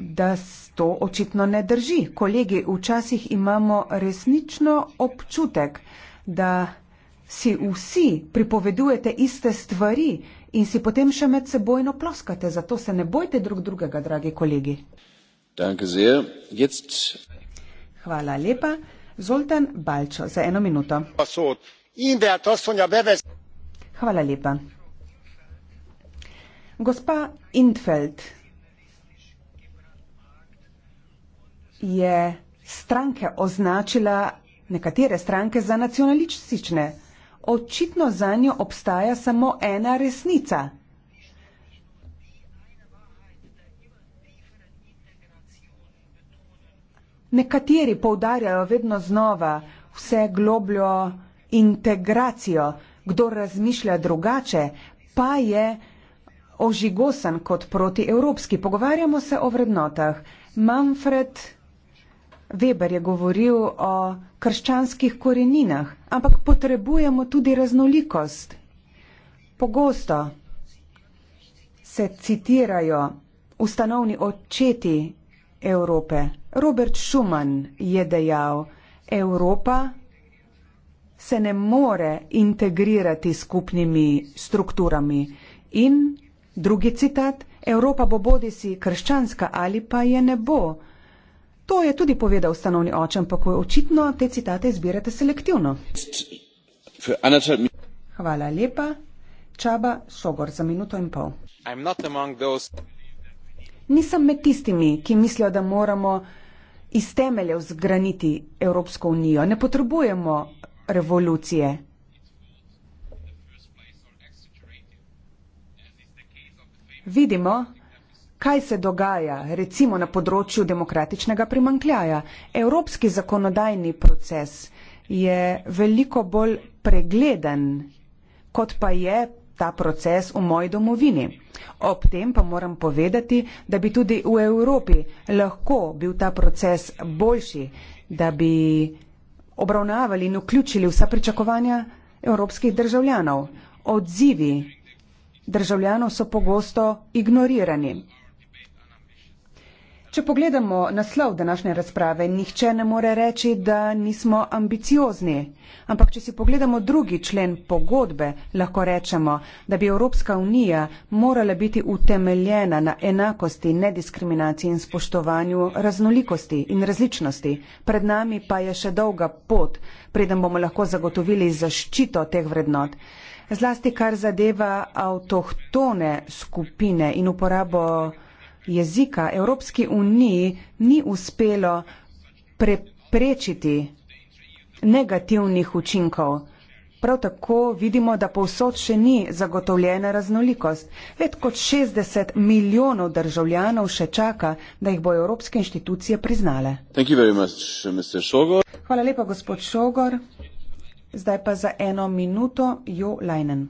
da to očitno ne drži. Kolegi, včasih imamo resnično občutek, da si vsi pripovedujete iste stvari in si potem še med sebojno ploskate. Zato se ne bojte drug drugega, dragi kolegi. Hvala lepa. Zoltan Balčo, za eno minuto. Hvala lepa. Gospa Intfeld, je stranke označila nekatere stranke za nacionalistične. Očitno za njo obstaja samo ena resnica. Nekateri poudarjajo vedno znova vse globljo integracijo. Kdo razmišlja drugače, pa je ožigosan kot protievropski. Pogovarjamo se o vrednotah. Manfred. Weber je govoril o krščanskih koreninah, ampak potrebujemo tudi raznolikost. Pogosto se citirajo ustanovni očeti Evrope. Robert Schumann je dejal, Evropa se ne more integrirati s skupnimi strukturami. In drugi citat, Evropa bo bodi si krščanska ali pa je ne bo. To je tudi povedal ustanovni oče, ampak očitno te citate izbirate selektivno. Hvala lepa. Čaba Sogor za minuto in pol. Those... Nisem med tistimi, ki mislijo, da moramo iz temeljev zgraniti Evropsko unijo. Ne potrebujemo revolucije. Vidimo, kaj se dogaja recimo na področju demokratičnega primankljaja. Evropski zakonodajni proces je veliko bolj pregleden, kot pa je ta proces v moji domovini. Ob tem pa moram povedati, da bi tudi v Evropi lahko bil ta proces boljši, da bi obravnavali in vključili vsa pričakovanja evropskih državljanov. Odzivi državljanov so pogosto ignorirani. Če pogledamo naslov današnje razprave, nihče ne more reči, da nismo ambiciozni. Ampak če si pogledamo drugi člen pogodbe, lahko rečemo, da bi Evropska unija morala biti utemeljena na enakosti, nediskriminaciji in spoštovanju raznolikosti in različnosti. Pred nami pa je še dolga pot, preden bomo lahko zagotovili zaščito teh vrednot. Zlasti kar zadeva avtohtone skupine in uporabo jezika Evropski uniji ni uspelo preprečiti negativnih učinkov. Prav tako vidimo, da povsod še ni zagotovljena raznolikost. Več kot 60 milijonov državljanov še čaka, da jih bo Evropske inštitucije priznale. Much, Hvala lepa, gospod Šogor. Zdaj pa za eno minuto Jo Leinen.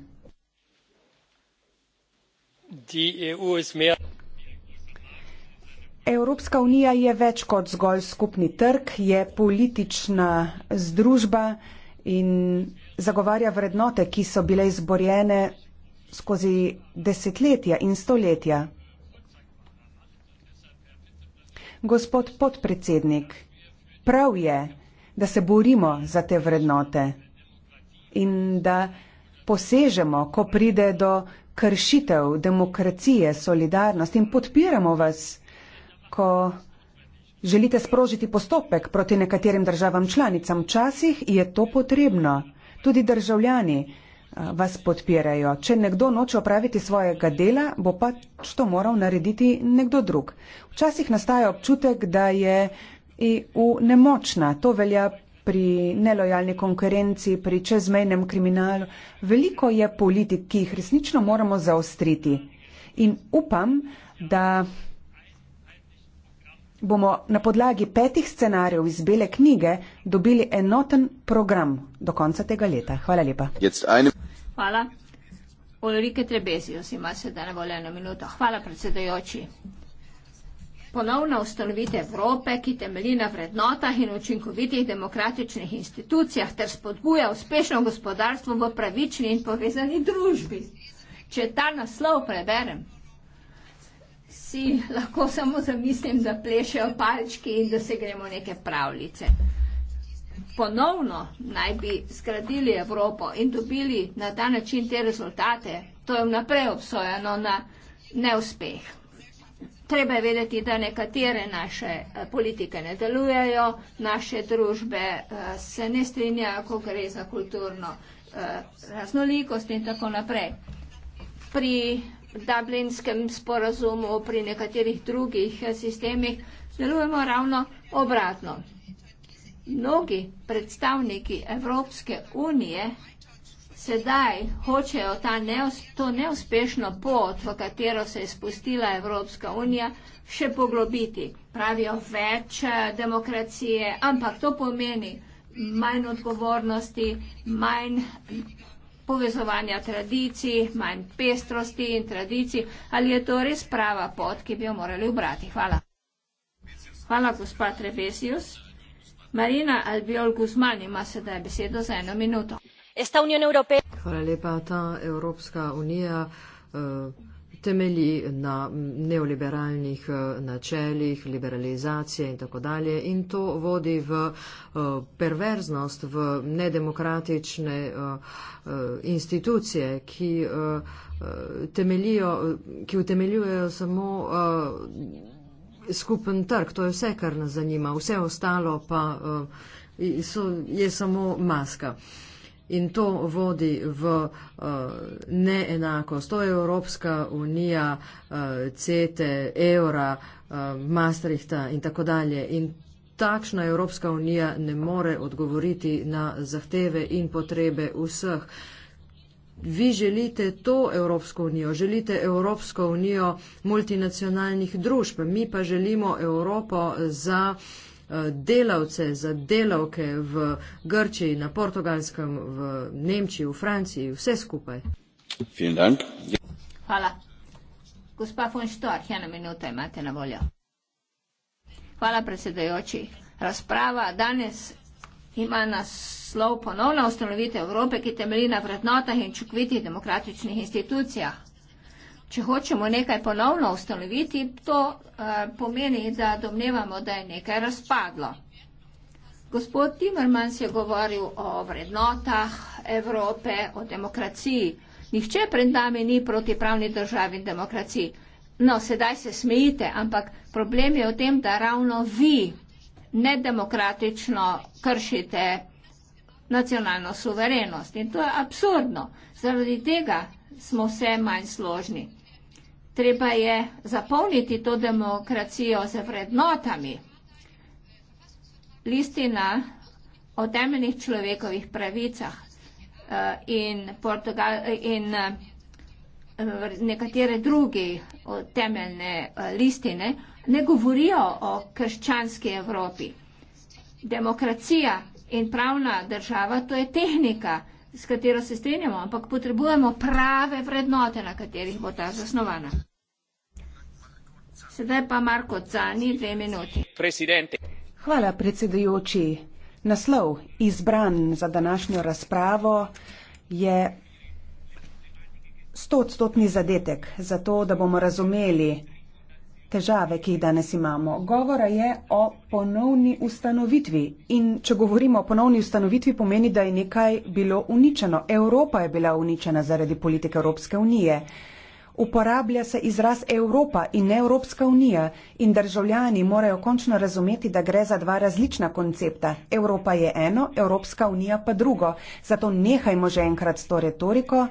Evropska unija je več kot zgolj skupni trg, je politična združba in zagovarja vrednote, ki so bile izborjene skozi desetletja in stoletja. Gospod podpredsednik, prav je, da se borimo za te vrednote in da posežemo, ko pride do kršitev demokracije, solidarnosti in podpiramo vas ko želite sprožiti postopek proti nekaterim državam članicam. Včasih je to potrebno. Tudi državljani eh, vas podpirajo. Če nekdo noče opraviti svojega dela, bo pač to moral narediti nekdo drug. Včasih nastaja občutek, da je EU nemočna. To velja pri nelojalni konkurenci, pri čezmejnem kriminalu. Veliko je politik, ki jih resnično moramo zaostriti. In upam, da bomo na podlagi petih scenarijev iz bele knjige dobili enoten program do konca tega leta. Hvala lepa. Hvala. Ulrike Trebezijus ima sedaj na voljo eno minuto. Hvala, predsedajoči. Ponovna ustanovitev Evrope, ki temelji na vrednotah in učinkovitih demokratičnih institucijah ter spodbuja uspešno gospodarstvo v pravični in povezani družbi. Če ta naslov preberem, si lahko samo zamislim, da plešejo palčki in da se gremo neke pravljice. Ponovno naj bi zgradili Evropo in dobili na ta način te rezultate, to je vnaprej obsojeno na neuspeh. Treba je vedeti, da nekatere naše eh, politike ne delujejo, naše družbe eh, se ne strinjajo, ko gre za kulturno eh, raznolikost in tako naprej. Pri Dublinskem sporazumu, pri nekaterih drugih eh, sistemih, delujemo ravno obratno. Mnogi predstavniki Evropske unije sedaj hočejo ta neus to neuspešno pot, v katero se je spustila Evropska unija, še poglobiti. Pravijo več eh, demokracije, ampak to pomeni manj odgovornosti, manj povezovanja tradicij, manj pestrosti in tradicij, ali je to res prava pot, ki bi jo morali obrati. Hvala. Hvala, gospa Trebesius. Marina Albiol Guzman ima sedaj besedo za eno minuto. Hvala lepa, ta Evropska unija. Uh, temelji na neoliberalnih eh, načeljih, liberalizacije in tako dalje. In to vodi v eh, perverznost, v nedemokratične eh, institucije, ki, temelijo, ki utemeljujejo samo skupen trg. To je vse, kar nas zanima. Vse ostalo pa so, je samo maska. In to vodi v uh, neenakost. To je Evropska unija, uh, CETE, evra, uh, Maastrichta in tako dalje. In takšna Evropska unija ne more odgovoriti na zahteve in potrebe vseh. Vi želite to Evropsko unijo, želite Evropsko unijo multinacionalnih družb, mi pa želimo Evropo za. Uh, Eh, delavce, za delavke v Grčiji, na Portugalskem, v Nemčiji, v Franciji, vse skupaj. Hvala. Gospa von Storch, ena minuta imate na voljo. Hvala, predsedajoči. Razprava danes ima naslov ponovna ustanovitev Evrope, ki temelji na vrednotah in čukvitih demokratičnih institucijah. Če hočemo nekaj ponovno ustanoviti, to uh, pomeni, da domnevamo, da je nekaj razpadlo. Gospod Timmermans je govoril o vrednotah Evrope, o demokraciji. Nihče pred nami ni proti pravni državi in demokraciji. No, sedaj se smejite, ampak problem je v tem, da ravno vi nedemokratično kršite nacionalno suverenost. In to je absurdno. Zaradi tega smo vse manj složni treba je zapolniti to demokracijo z vrednotami. Listina o temeljnih človekovih pravicah eh, in, Portugal, in eh, nekatere druge temeljne eh, listine ne govorijo o krščanski Evropi. Demokracija in pravna država, to je tehnika, s katero se strinjamo, ampak potrebujemo prave vrednote, na katerih bo ta zasnovana. Sedaj pa Marko Cani, dve minuti. Presidente. Hvala, predsedujoči. Naslov, izbran za današnjo razpravo, je stotstotni zadetek, zato da bomo razumeli, težave, ki jih danes imamo. Govora je o ponovni ustanovitvi in če govorimo o ponovni ustanovitvi, pomeni, da je nekaj bilo uničeno. Evropa je bila uničena zaradi politike Evropske unije. Uporablja se izraz Evropa in ne Evropska unija in državljani morajo končno razumeti, da gre za dva različna koncepta. Evropa je eno, Evropska unija pa drugo. Zato nehajmo že enkrat s to retoriko,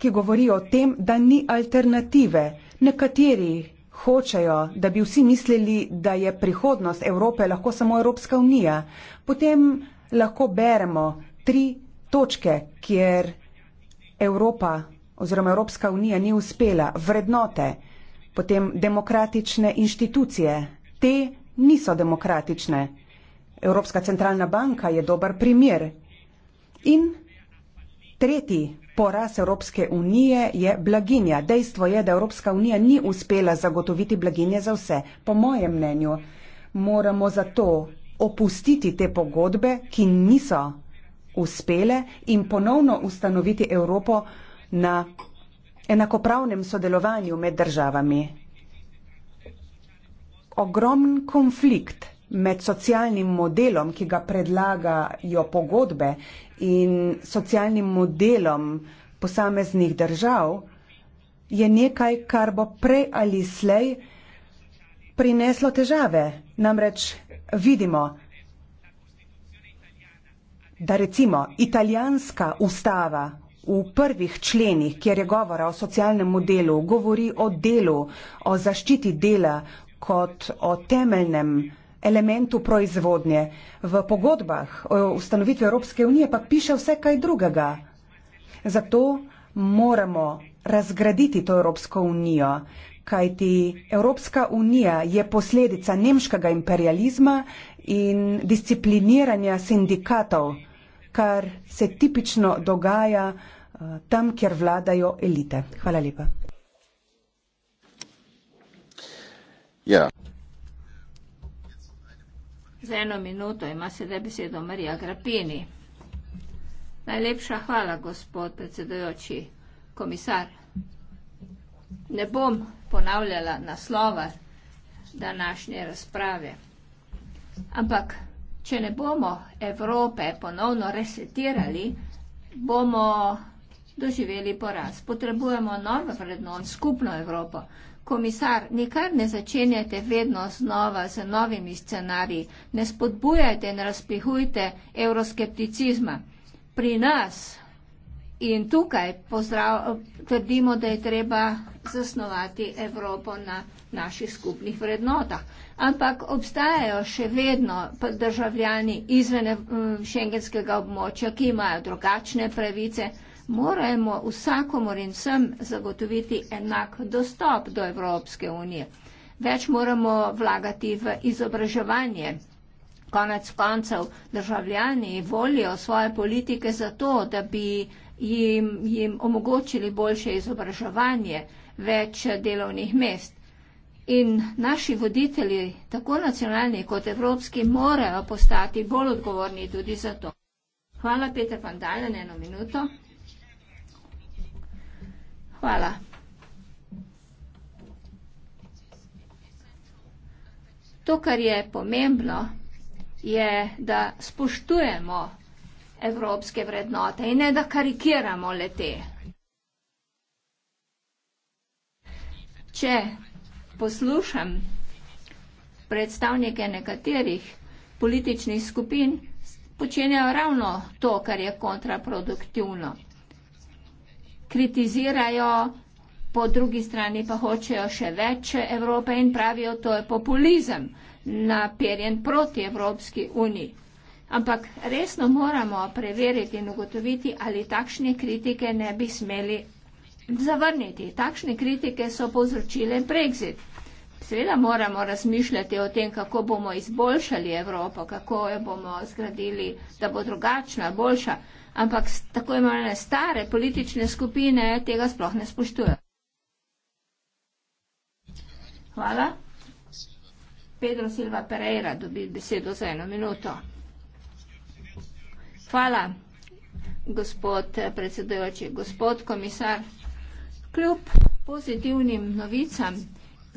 ki govori o tem, da ni alternative. Nekateri hočejo, da bi vsi mislili, da je prihodnost Evrope lahko samo Evropska unija. Potem lahko beremo tri točke, kjer Evropa oziroma Evropska unija ni uspela. Vrednote, potem demokratične inštitucije. Te niso demokratične. Evropska centralna banka je dober primer. In tretji Poraz Evropske unije je blaginja. Dejstvo je, da Evropska unija ni uspela zagotoviti blaginje za vse. Po mojem mnenju moramo zato opustiti te pogodbe, ki niso uspele in ponovno ustanoviti Evropo na enakopravnem sodelovanju med državami. Ogromen konflikt med socialnim modelom, ki ga predlagajo pogodbe in socialnim modelom posameznih držav, je nekaj, kar bo prej ali slej prineslo težave. Namreč vidimo, da recimo italijanska ustava v prvih členih, kjer je govora o socialnem modelu, govori o delu, o zaščiti dela kot o temeljnem modelu, elementu proizvodnje. V pogodbah o ustanovitvi Evropske unije pa piše vse kaj drugega. Zato moramo razgraditi to Evropsko unijo, kajti Evropska unija je posledica nemškega imperializma in discipliniranja sindikatov, kar se tipično dogaja eh, tam, kjer vladajo elite. Hvala lepa. Yeah. Ja. Za eno minuto ima sedaj besedo Marija Grapini. Najlepša hvala, gospod predsedujoči komisar. Ne bom ponavljala naslova današnje razprave, ampak če ne bomo Evrope ponovno resetirali, bomo doživeli poraz. Potrebujemo novo vrednot, skupno Evropo komisar, nikar ne začenjate vedno znova z novimi scenariji, ne spodbujajte in razpihujte euroskepticizma. Pri nas in tukaj pozdrav, trdimo, da je treba zasnovati Evropo na naših skupnih vrednotah. Ampak obstajajo še vedno državljani izven eh, šengenskega območja, ki imajo drugačne pravice, moramo vsakomor in vsem zagotoviti enak dostop do Evropske unije. Več moramo vlagati v izobraževanje. Konec koncev državljani volijo svoje politike zato, da bi jim, jim omogočili boljše izobraževanje, več delovnih mest. In naši voditelji, tako nacionalni kot evropski, morajo postati bolj odgovorni tudi za to. Hvala, Peter Pandalen, eno minuto. Hvala. To, kar je pomembno, je, da spoštujemo evropske vrednote in ne da karikiramo le te. Če poslušam predstavnike nekaterih političnih skupin, počenjajo ravno to, kar je kontraproduktivno kritizirajo, po drugi strani pa hočejo še več Evrope in pravijo, to je populizem naperjen proti Evropski uniji. Ampak resno moramo preveriti in ugotoviti, ali takšne kritike ne bi smeli zavrniti. Takšne kritike so povzročile Brexit. Sveda moramo razmišljati o tem, kako bomo izboljšali Evropo, kako jo bomo zgradili, da bo drugačna, boljša ampak tako imenovane stare politične skupine tega sploh ne spoštujejo. Hvala. Pedro Silva Pereira dobi besedo za eno minuto. Hvala, gospod predsedujoči, gospod komisar. Kljub pozitivnim novicam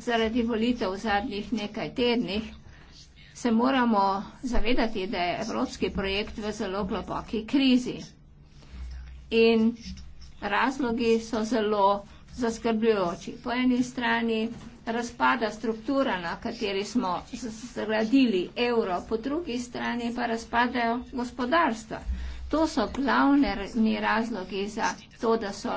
zaradi volitev v zadnjih nekaj tednih, se moramo zavedati, da je evropski projekt v zelo globoki krizi. In razlogi so zelo zaskrbljujoči. Po eni strani razpada struktura, na kateri smo zgradili evro, po drugi strani pa razpadajo gospodarstva. To so glavni razlogi za to, da so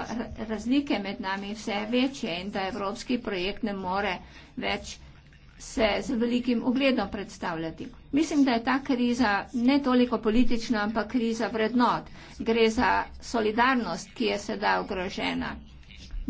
razlike med nami vse večje in da evropski projekt ne more več se z velikim ugledom predstavljati. Mislim, da je ta kriza ne toliko politična, ampak kriza vrednot. Gre za solidarnost, ki je sedaj ogrožena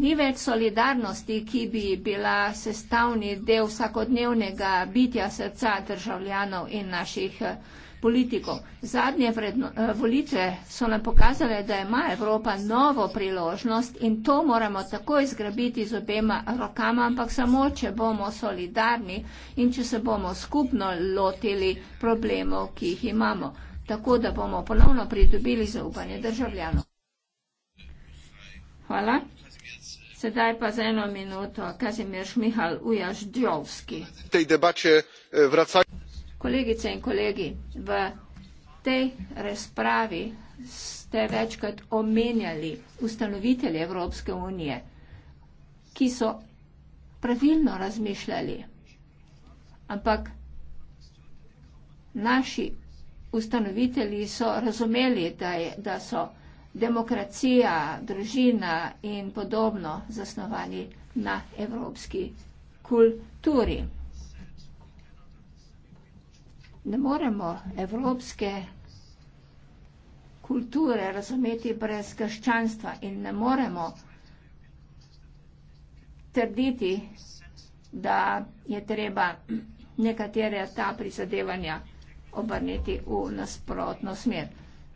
ni več solidarnosti, ki bi bila sestavni del vsakodnevnega bitja srca državljanov in naših eh, politikov. Zadnje vredno, eh, volitve so nam pokazale, da ima Evropa novo priložnost in to moramo takoj zgrabiti z obema rokama, ampak samo, če bomo solidarni in če se bomo skupno lotili problemov, ki jih imamo, tako da bomo ponovno pridobili zaupanje državljanov. Hvala. Sedaj pa za eno minuto, Kazimir Šmihal Ujaždjovski. Tej debače eh, vracaj. Kolegice in kolegi, v tej razpravi ste večkrat omenjali ustanovitelje Evropske unije, ki so pravilno razmišljali. Ampak naši ustanovitelji so razumeli, da, je, da so demokracija, družina in podobno zasnovani na evropski kulturi. Ne moremo evropske kulture razumeti brez krščanstva in ne moremo trditi, da je treba nekatere ta prizadevanja obrniti v nasprotno smer.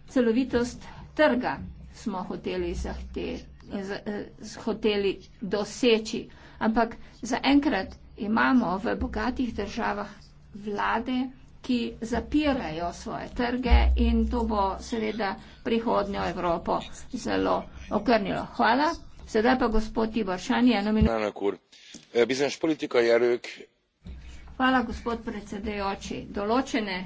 Celovitost trga smo hoteli, zahte, z, eh, hoteli doseči. Ampak zaenkrat imamo v bogatih državah vlade, ki zapirajo svoje trge in to bo seveda prihodnjo Evropo zelo okrnilo. Hvala. Sedaj pa gospod Ivošan, eno minuto. Hvala, gospod predsedujoči. Določene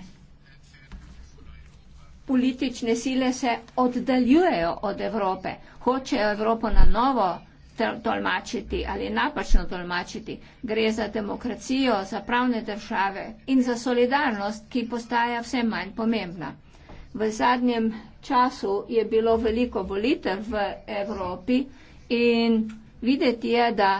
politične sile se oddaljujejo od Evrope, hočejo Evropo na novo tolmačiti ali napačno tolmačiti. Gre za demokracijo, za pravne države in za solidarnost, ki postaja vse manj pomembna. V zadnjem času je bilo veliko volitev v Evropi in videti je, da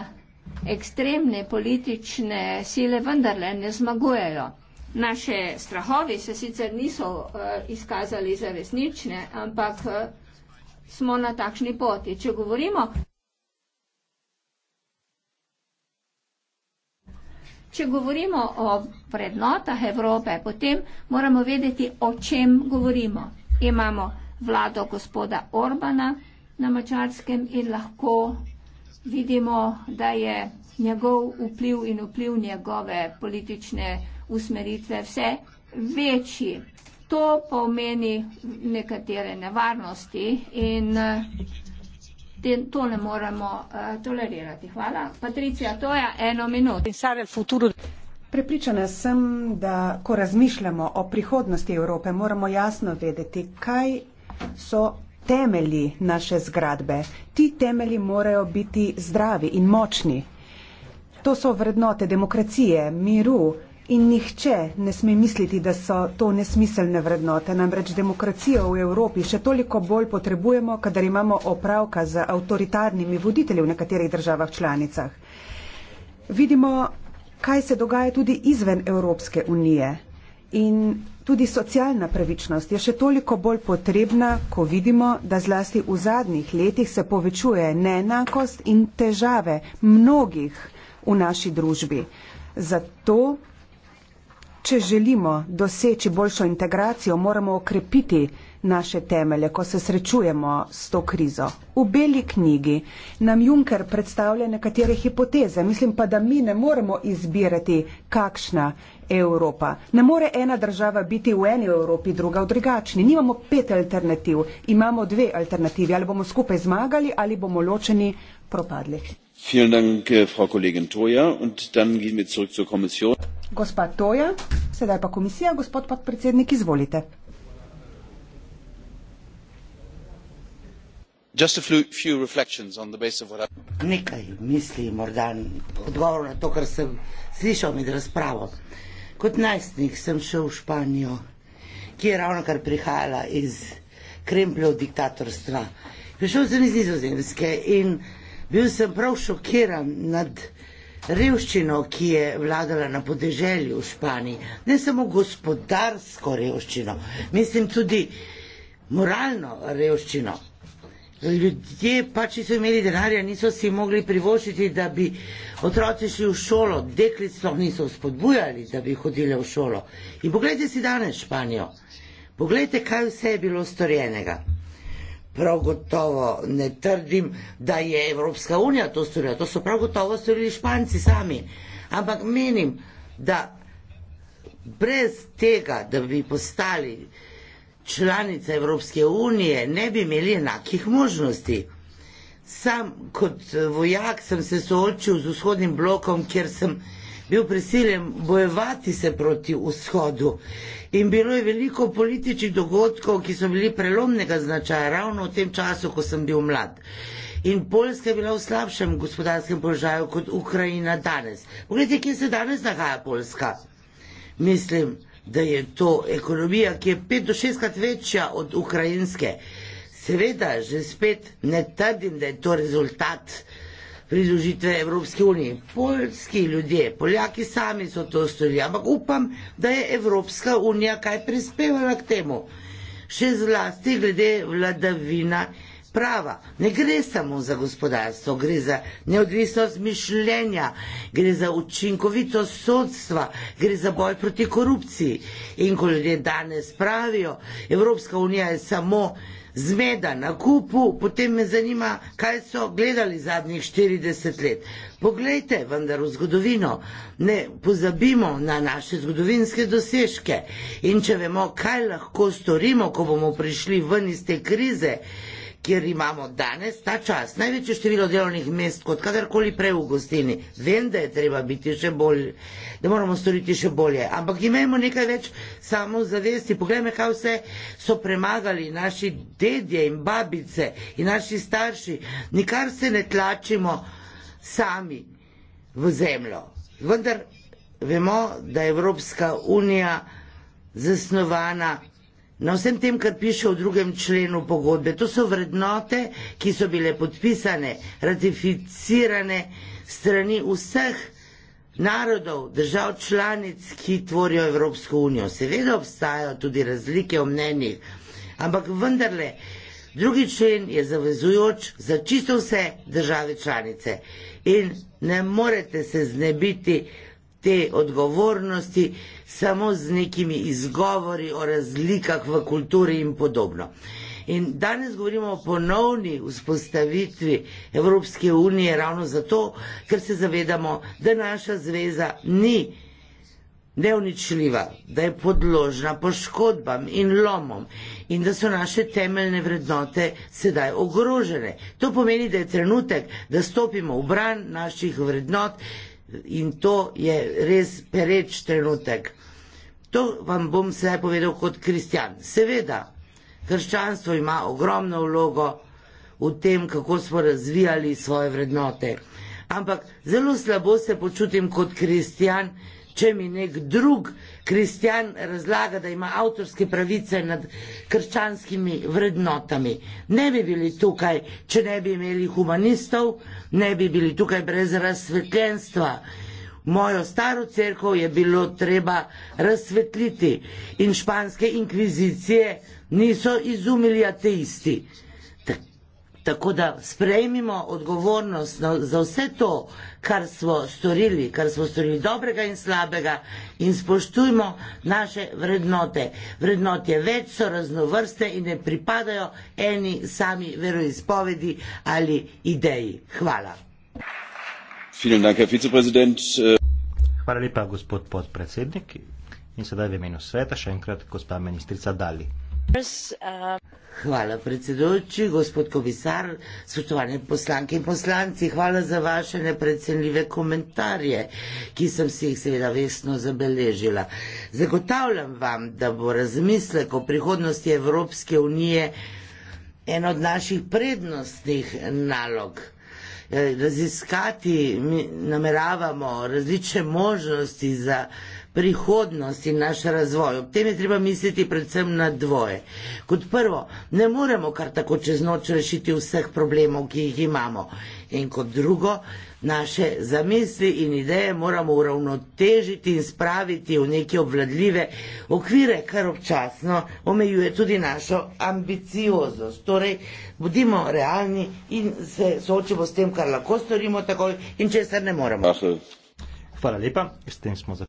ekstremne politične sile vendarle ne zmagujejo naše strahovi se sicer niso eh, izkazali za resnične, ampak eh, smo na takšni poti. Če govorimo, če govorimo o prednotah Evrope, potem moramo vedeti, o čem govorimo. Imamo vlado gospoda Orbana na mačarskem in lahko vidimo, da je njegov vpliv in vpliv njegove politične vlade usmeritve vse večji. To pomeni nekatere nevarnosti in eh, to ne moremo eh, tolerirati. Hvala. Patricija, to je eno minuto. Prepričana sem, da ko razmišljamo o prihodnosti Evrope, moramo jasno vedeti, kaj so temelji naše zgradbe. Ti temelji morajo biti zdravi in močni. To so vrednote demokracije, miru, In nihče ne sme misliti, da so to nesmiselne vrednote. Namreč demokracijo v Evropi še toliko bolj potrebujemo, kadar imamo opravka z avtoritarnimi voditelji v nekaterih državah članicah. Vidimo, kaj se dogaja tudi izven Evropske unije. In tudi socialna pravičnost je še toliko bolj potrebna, ko vidimo, da zlasti v zadnjih letih se povečuje neenakost in težave mnogih v naši družbi. Zato Če želimo doseči boljšo integracijo, moramo okrepiti naše temelje, ko se srečujemo s to krizo. V beli knjigi nam Juncker predstavlja nekatere hipoteze, mislim pa, da mi ne moremo izbirati, kakšna Evropa. Ne more ena država biti v eni Evropi, druga v drugačni. Nimamo pet alternativ, imamo dve alternativi. Ali bomo skupaj zmagali ali bomo ločeni propadli. Äh, Gospa Toja, sedaj pa komisija, gospod podpredsednik, izvolite. Nekaj misli morda odgovor na to, kar sem slišal med razpravo. Kot najstnik sem šel v Španijo, ki je ravno kar prihajala iz krempljev diktatorstva. Prišel sem iz Nizozemske in Bil sem prav šokiran nad revščino, ki je vladala na podeželju v Španiji. Ne samo gospodarsko revščino, mislim tudi moralno revščino. Ljudje pač so imeli denarja, niso si mogli privošiti, da bi otroci šli v šolo, deklico niso spodbujali, da bi hodile v šolo. In poglejte si danes Španijo, poglejte, kaj vse je bilo storjenega prav gotovo ne trdim, da je Evropska unija to storila, to so prav gotovo storili Španci sami. Ampak menim, da brez tega, da bi postali članica Evropske unije, ne bi imeli enakih možnosti. Sam kot vojak sem se soočil z vzhodnim blokom, kjer sem bil prisiljen bojevati se proti vzhodu In bilo je veliko političnih dogodkov, ki so bili prelomnega značaja, ravno v tem času, ko sem bil mlad. In Poljska je bila v slabšem gospodarskem položaju kot Ukrajina danes. Poglejte, kje se danes nahaja Poljska. Mislim, da je to ekonomija, ki je pet do šestkrat večja od ukrajinske. Seveda, že spet ne trdim, da je to rezultat uh, pridružitve Evropske unije. Poljski ljudje, Poljaki sami so to storili, ampak upam, da je Evropska unija kaj prispevala k temu. Še zlasti glede vladavina prava. Ne gre samo za gospodarstvo, gre za neodvisnost mišljenja, gre za učinkovitost sodstva, gre za boj proti korupciji. In ko ljudje danes pravijo, Evropska unija je samo zmeda na kupu, potem me zanima, kaj so gledali zadnjih 40 let. Poglejte vendar v zgodovino, ne pozabimo na naše zgodovinske dosežke in če vemo, kaj lahko storimo, ko bomo prišli ven iz te krize, kjer imamo danes ta čas največje število delovnih mest kot kadarkoli prej v gostini. Vem, da je treba biti še bolj, da moramo storiti še bolje, ampak imamo nekaj več samozavesti. Poglejme, kaj vse so premagali naši dedje in babice in naši starši. Nikar se ne tlačimo sami v zemljo. Vendar vemo, da je Evropska unija zasnovana na vsem tem, kar piše v drugem členu pogodbe. To so vrednote, ki so bile podpisane, ratificirane strani vseh narodov, držav članic, ki tvorijo Evropsko unijo. Seveda obstajajo tudi razlike v mnenjih, ampak vendarle, drugi člen je zavezujoč za čisto vse države članice in ne morete se znebiti te odgovornosti, samo z nekimi izgovori o razlikah v kulturi in podobno. In danes govorimo o ponovni vzpostavitvi Evropske unije ravno zato, ker se zavedamo, da naša zveza ni neuničljiva, da je podložna poškodbam in lomom in da so naše temeljne vrednote sedaj ogrožene. To pomeni, da je trenutek, da stopimo v bran naših vrednot in to je res pereč trenutek. To vam bom vse povedal kot kristjan. Seveda, krščanstvo ima ogromno vlogo v tem, kako smo razvijali svoje vrednote. Ampak zelo slabo se počutim kot kristjan, če mi nek drug kristjan razlaga, da ima avtorske pravice nad krščanskimi vrednotami. Ne bi bili tukaj, če ne bi imeli humanistov, ne bi bili tukaj brez razsvetljenstva. Mojo staro crkvo je bilo treba razsvetliti in španske inkvizicije niso izumili ateisti. Tako da sprejmimo odgovornost za vse to, kar smo storili, kar smo storili dobrega in slabega in spoštujmo naše vrednote. Vrednote več so raznovrste in ne pripadajo eni sami veroizpovedi ali ideji. Hvala. Hvala lepa, gospod podpredsednik. In sedaj v imenu sveta še enkrat gospa ministrica Dali. Hvala predsedujoči, gospod komisar, spoštovane poslanke in poslanci, hvala za vaše neprecenljive komentarje, ki sem si jih seveda vesno zabeležila. Zagotavljam vam, da bo razmislek o prihodnosti Evropske unije en od naših prednostnih nalog. Eh, raziskati nameravamo različne možnosti za prihodnost in naš razvoj. Ob tem je treba misliti predvsem na dvoje. Kot prvo, ne moremo kar tako čez noč rešiti vseh problemov, ki jih imamo. In kot drugo, naše zamisli in ideje moramo uravnotežiti in spraviti v neke obvladljive okvire, kar občasno omejuje tudi našo ambicioznost. Torej, bodimo realni in se soočimo s tem, kar lahko storimo takoj in česar ne moremo. Hvala lepa. S tem smo zaključili.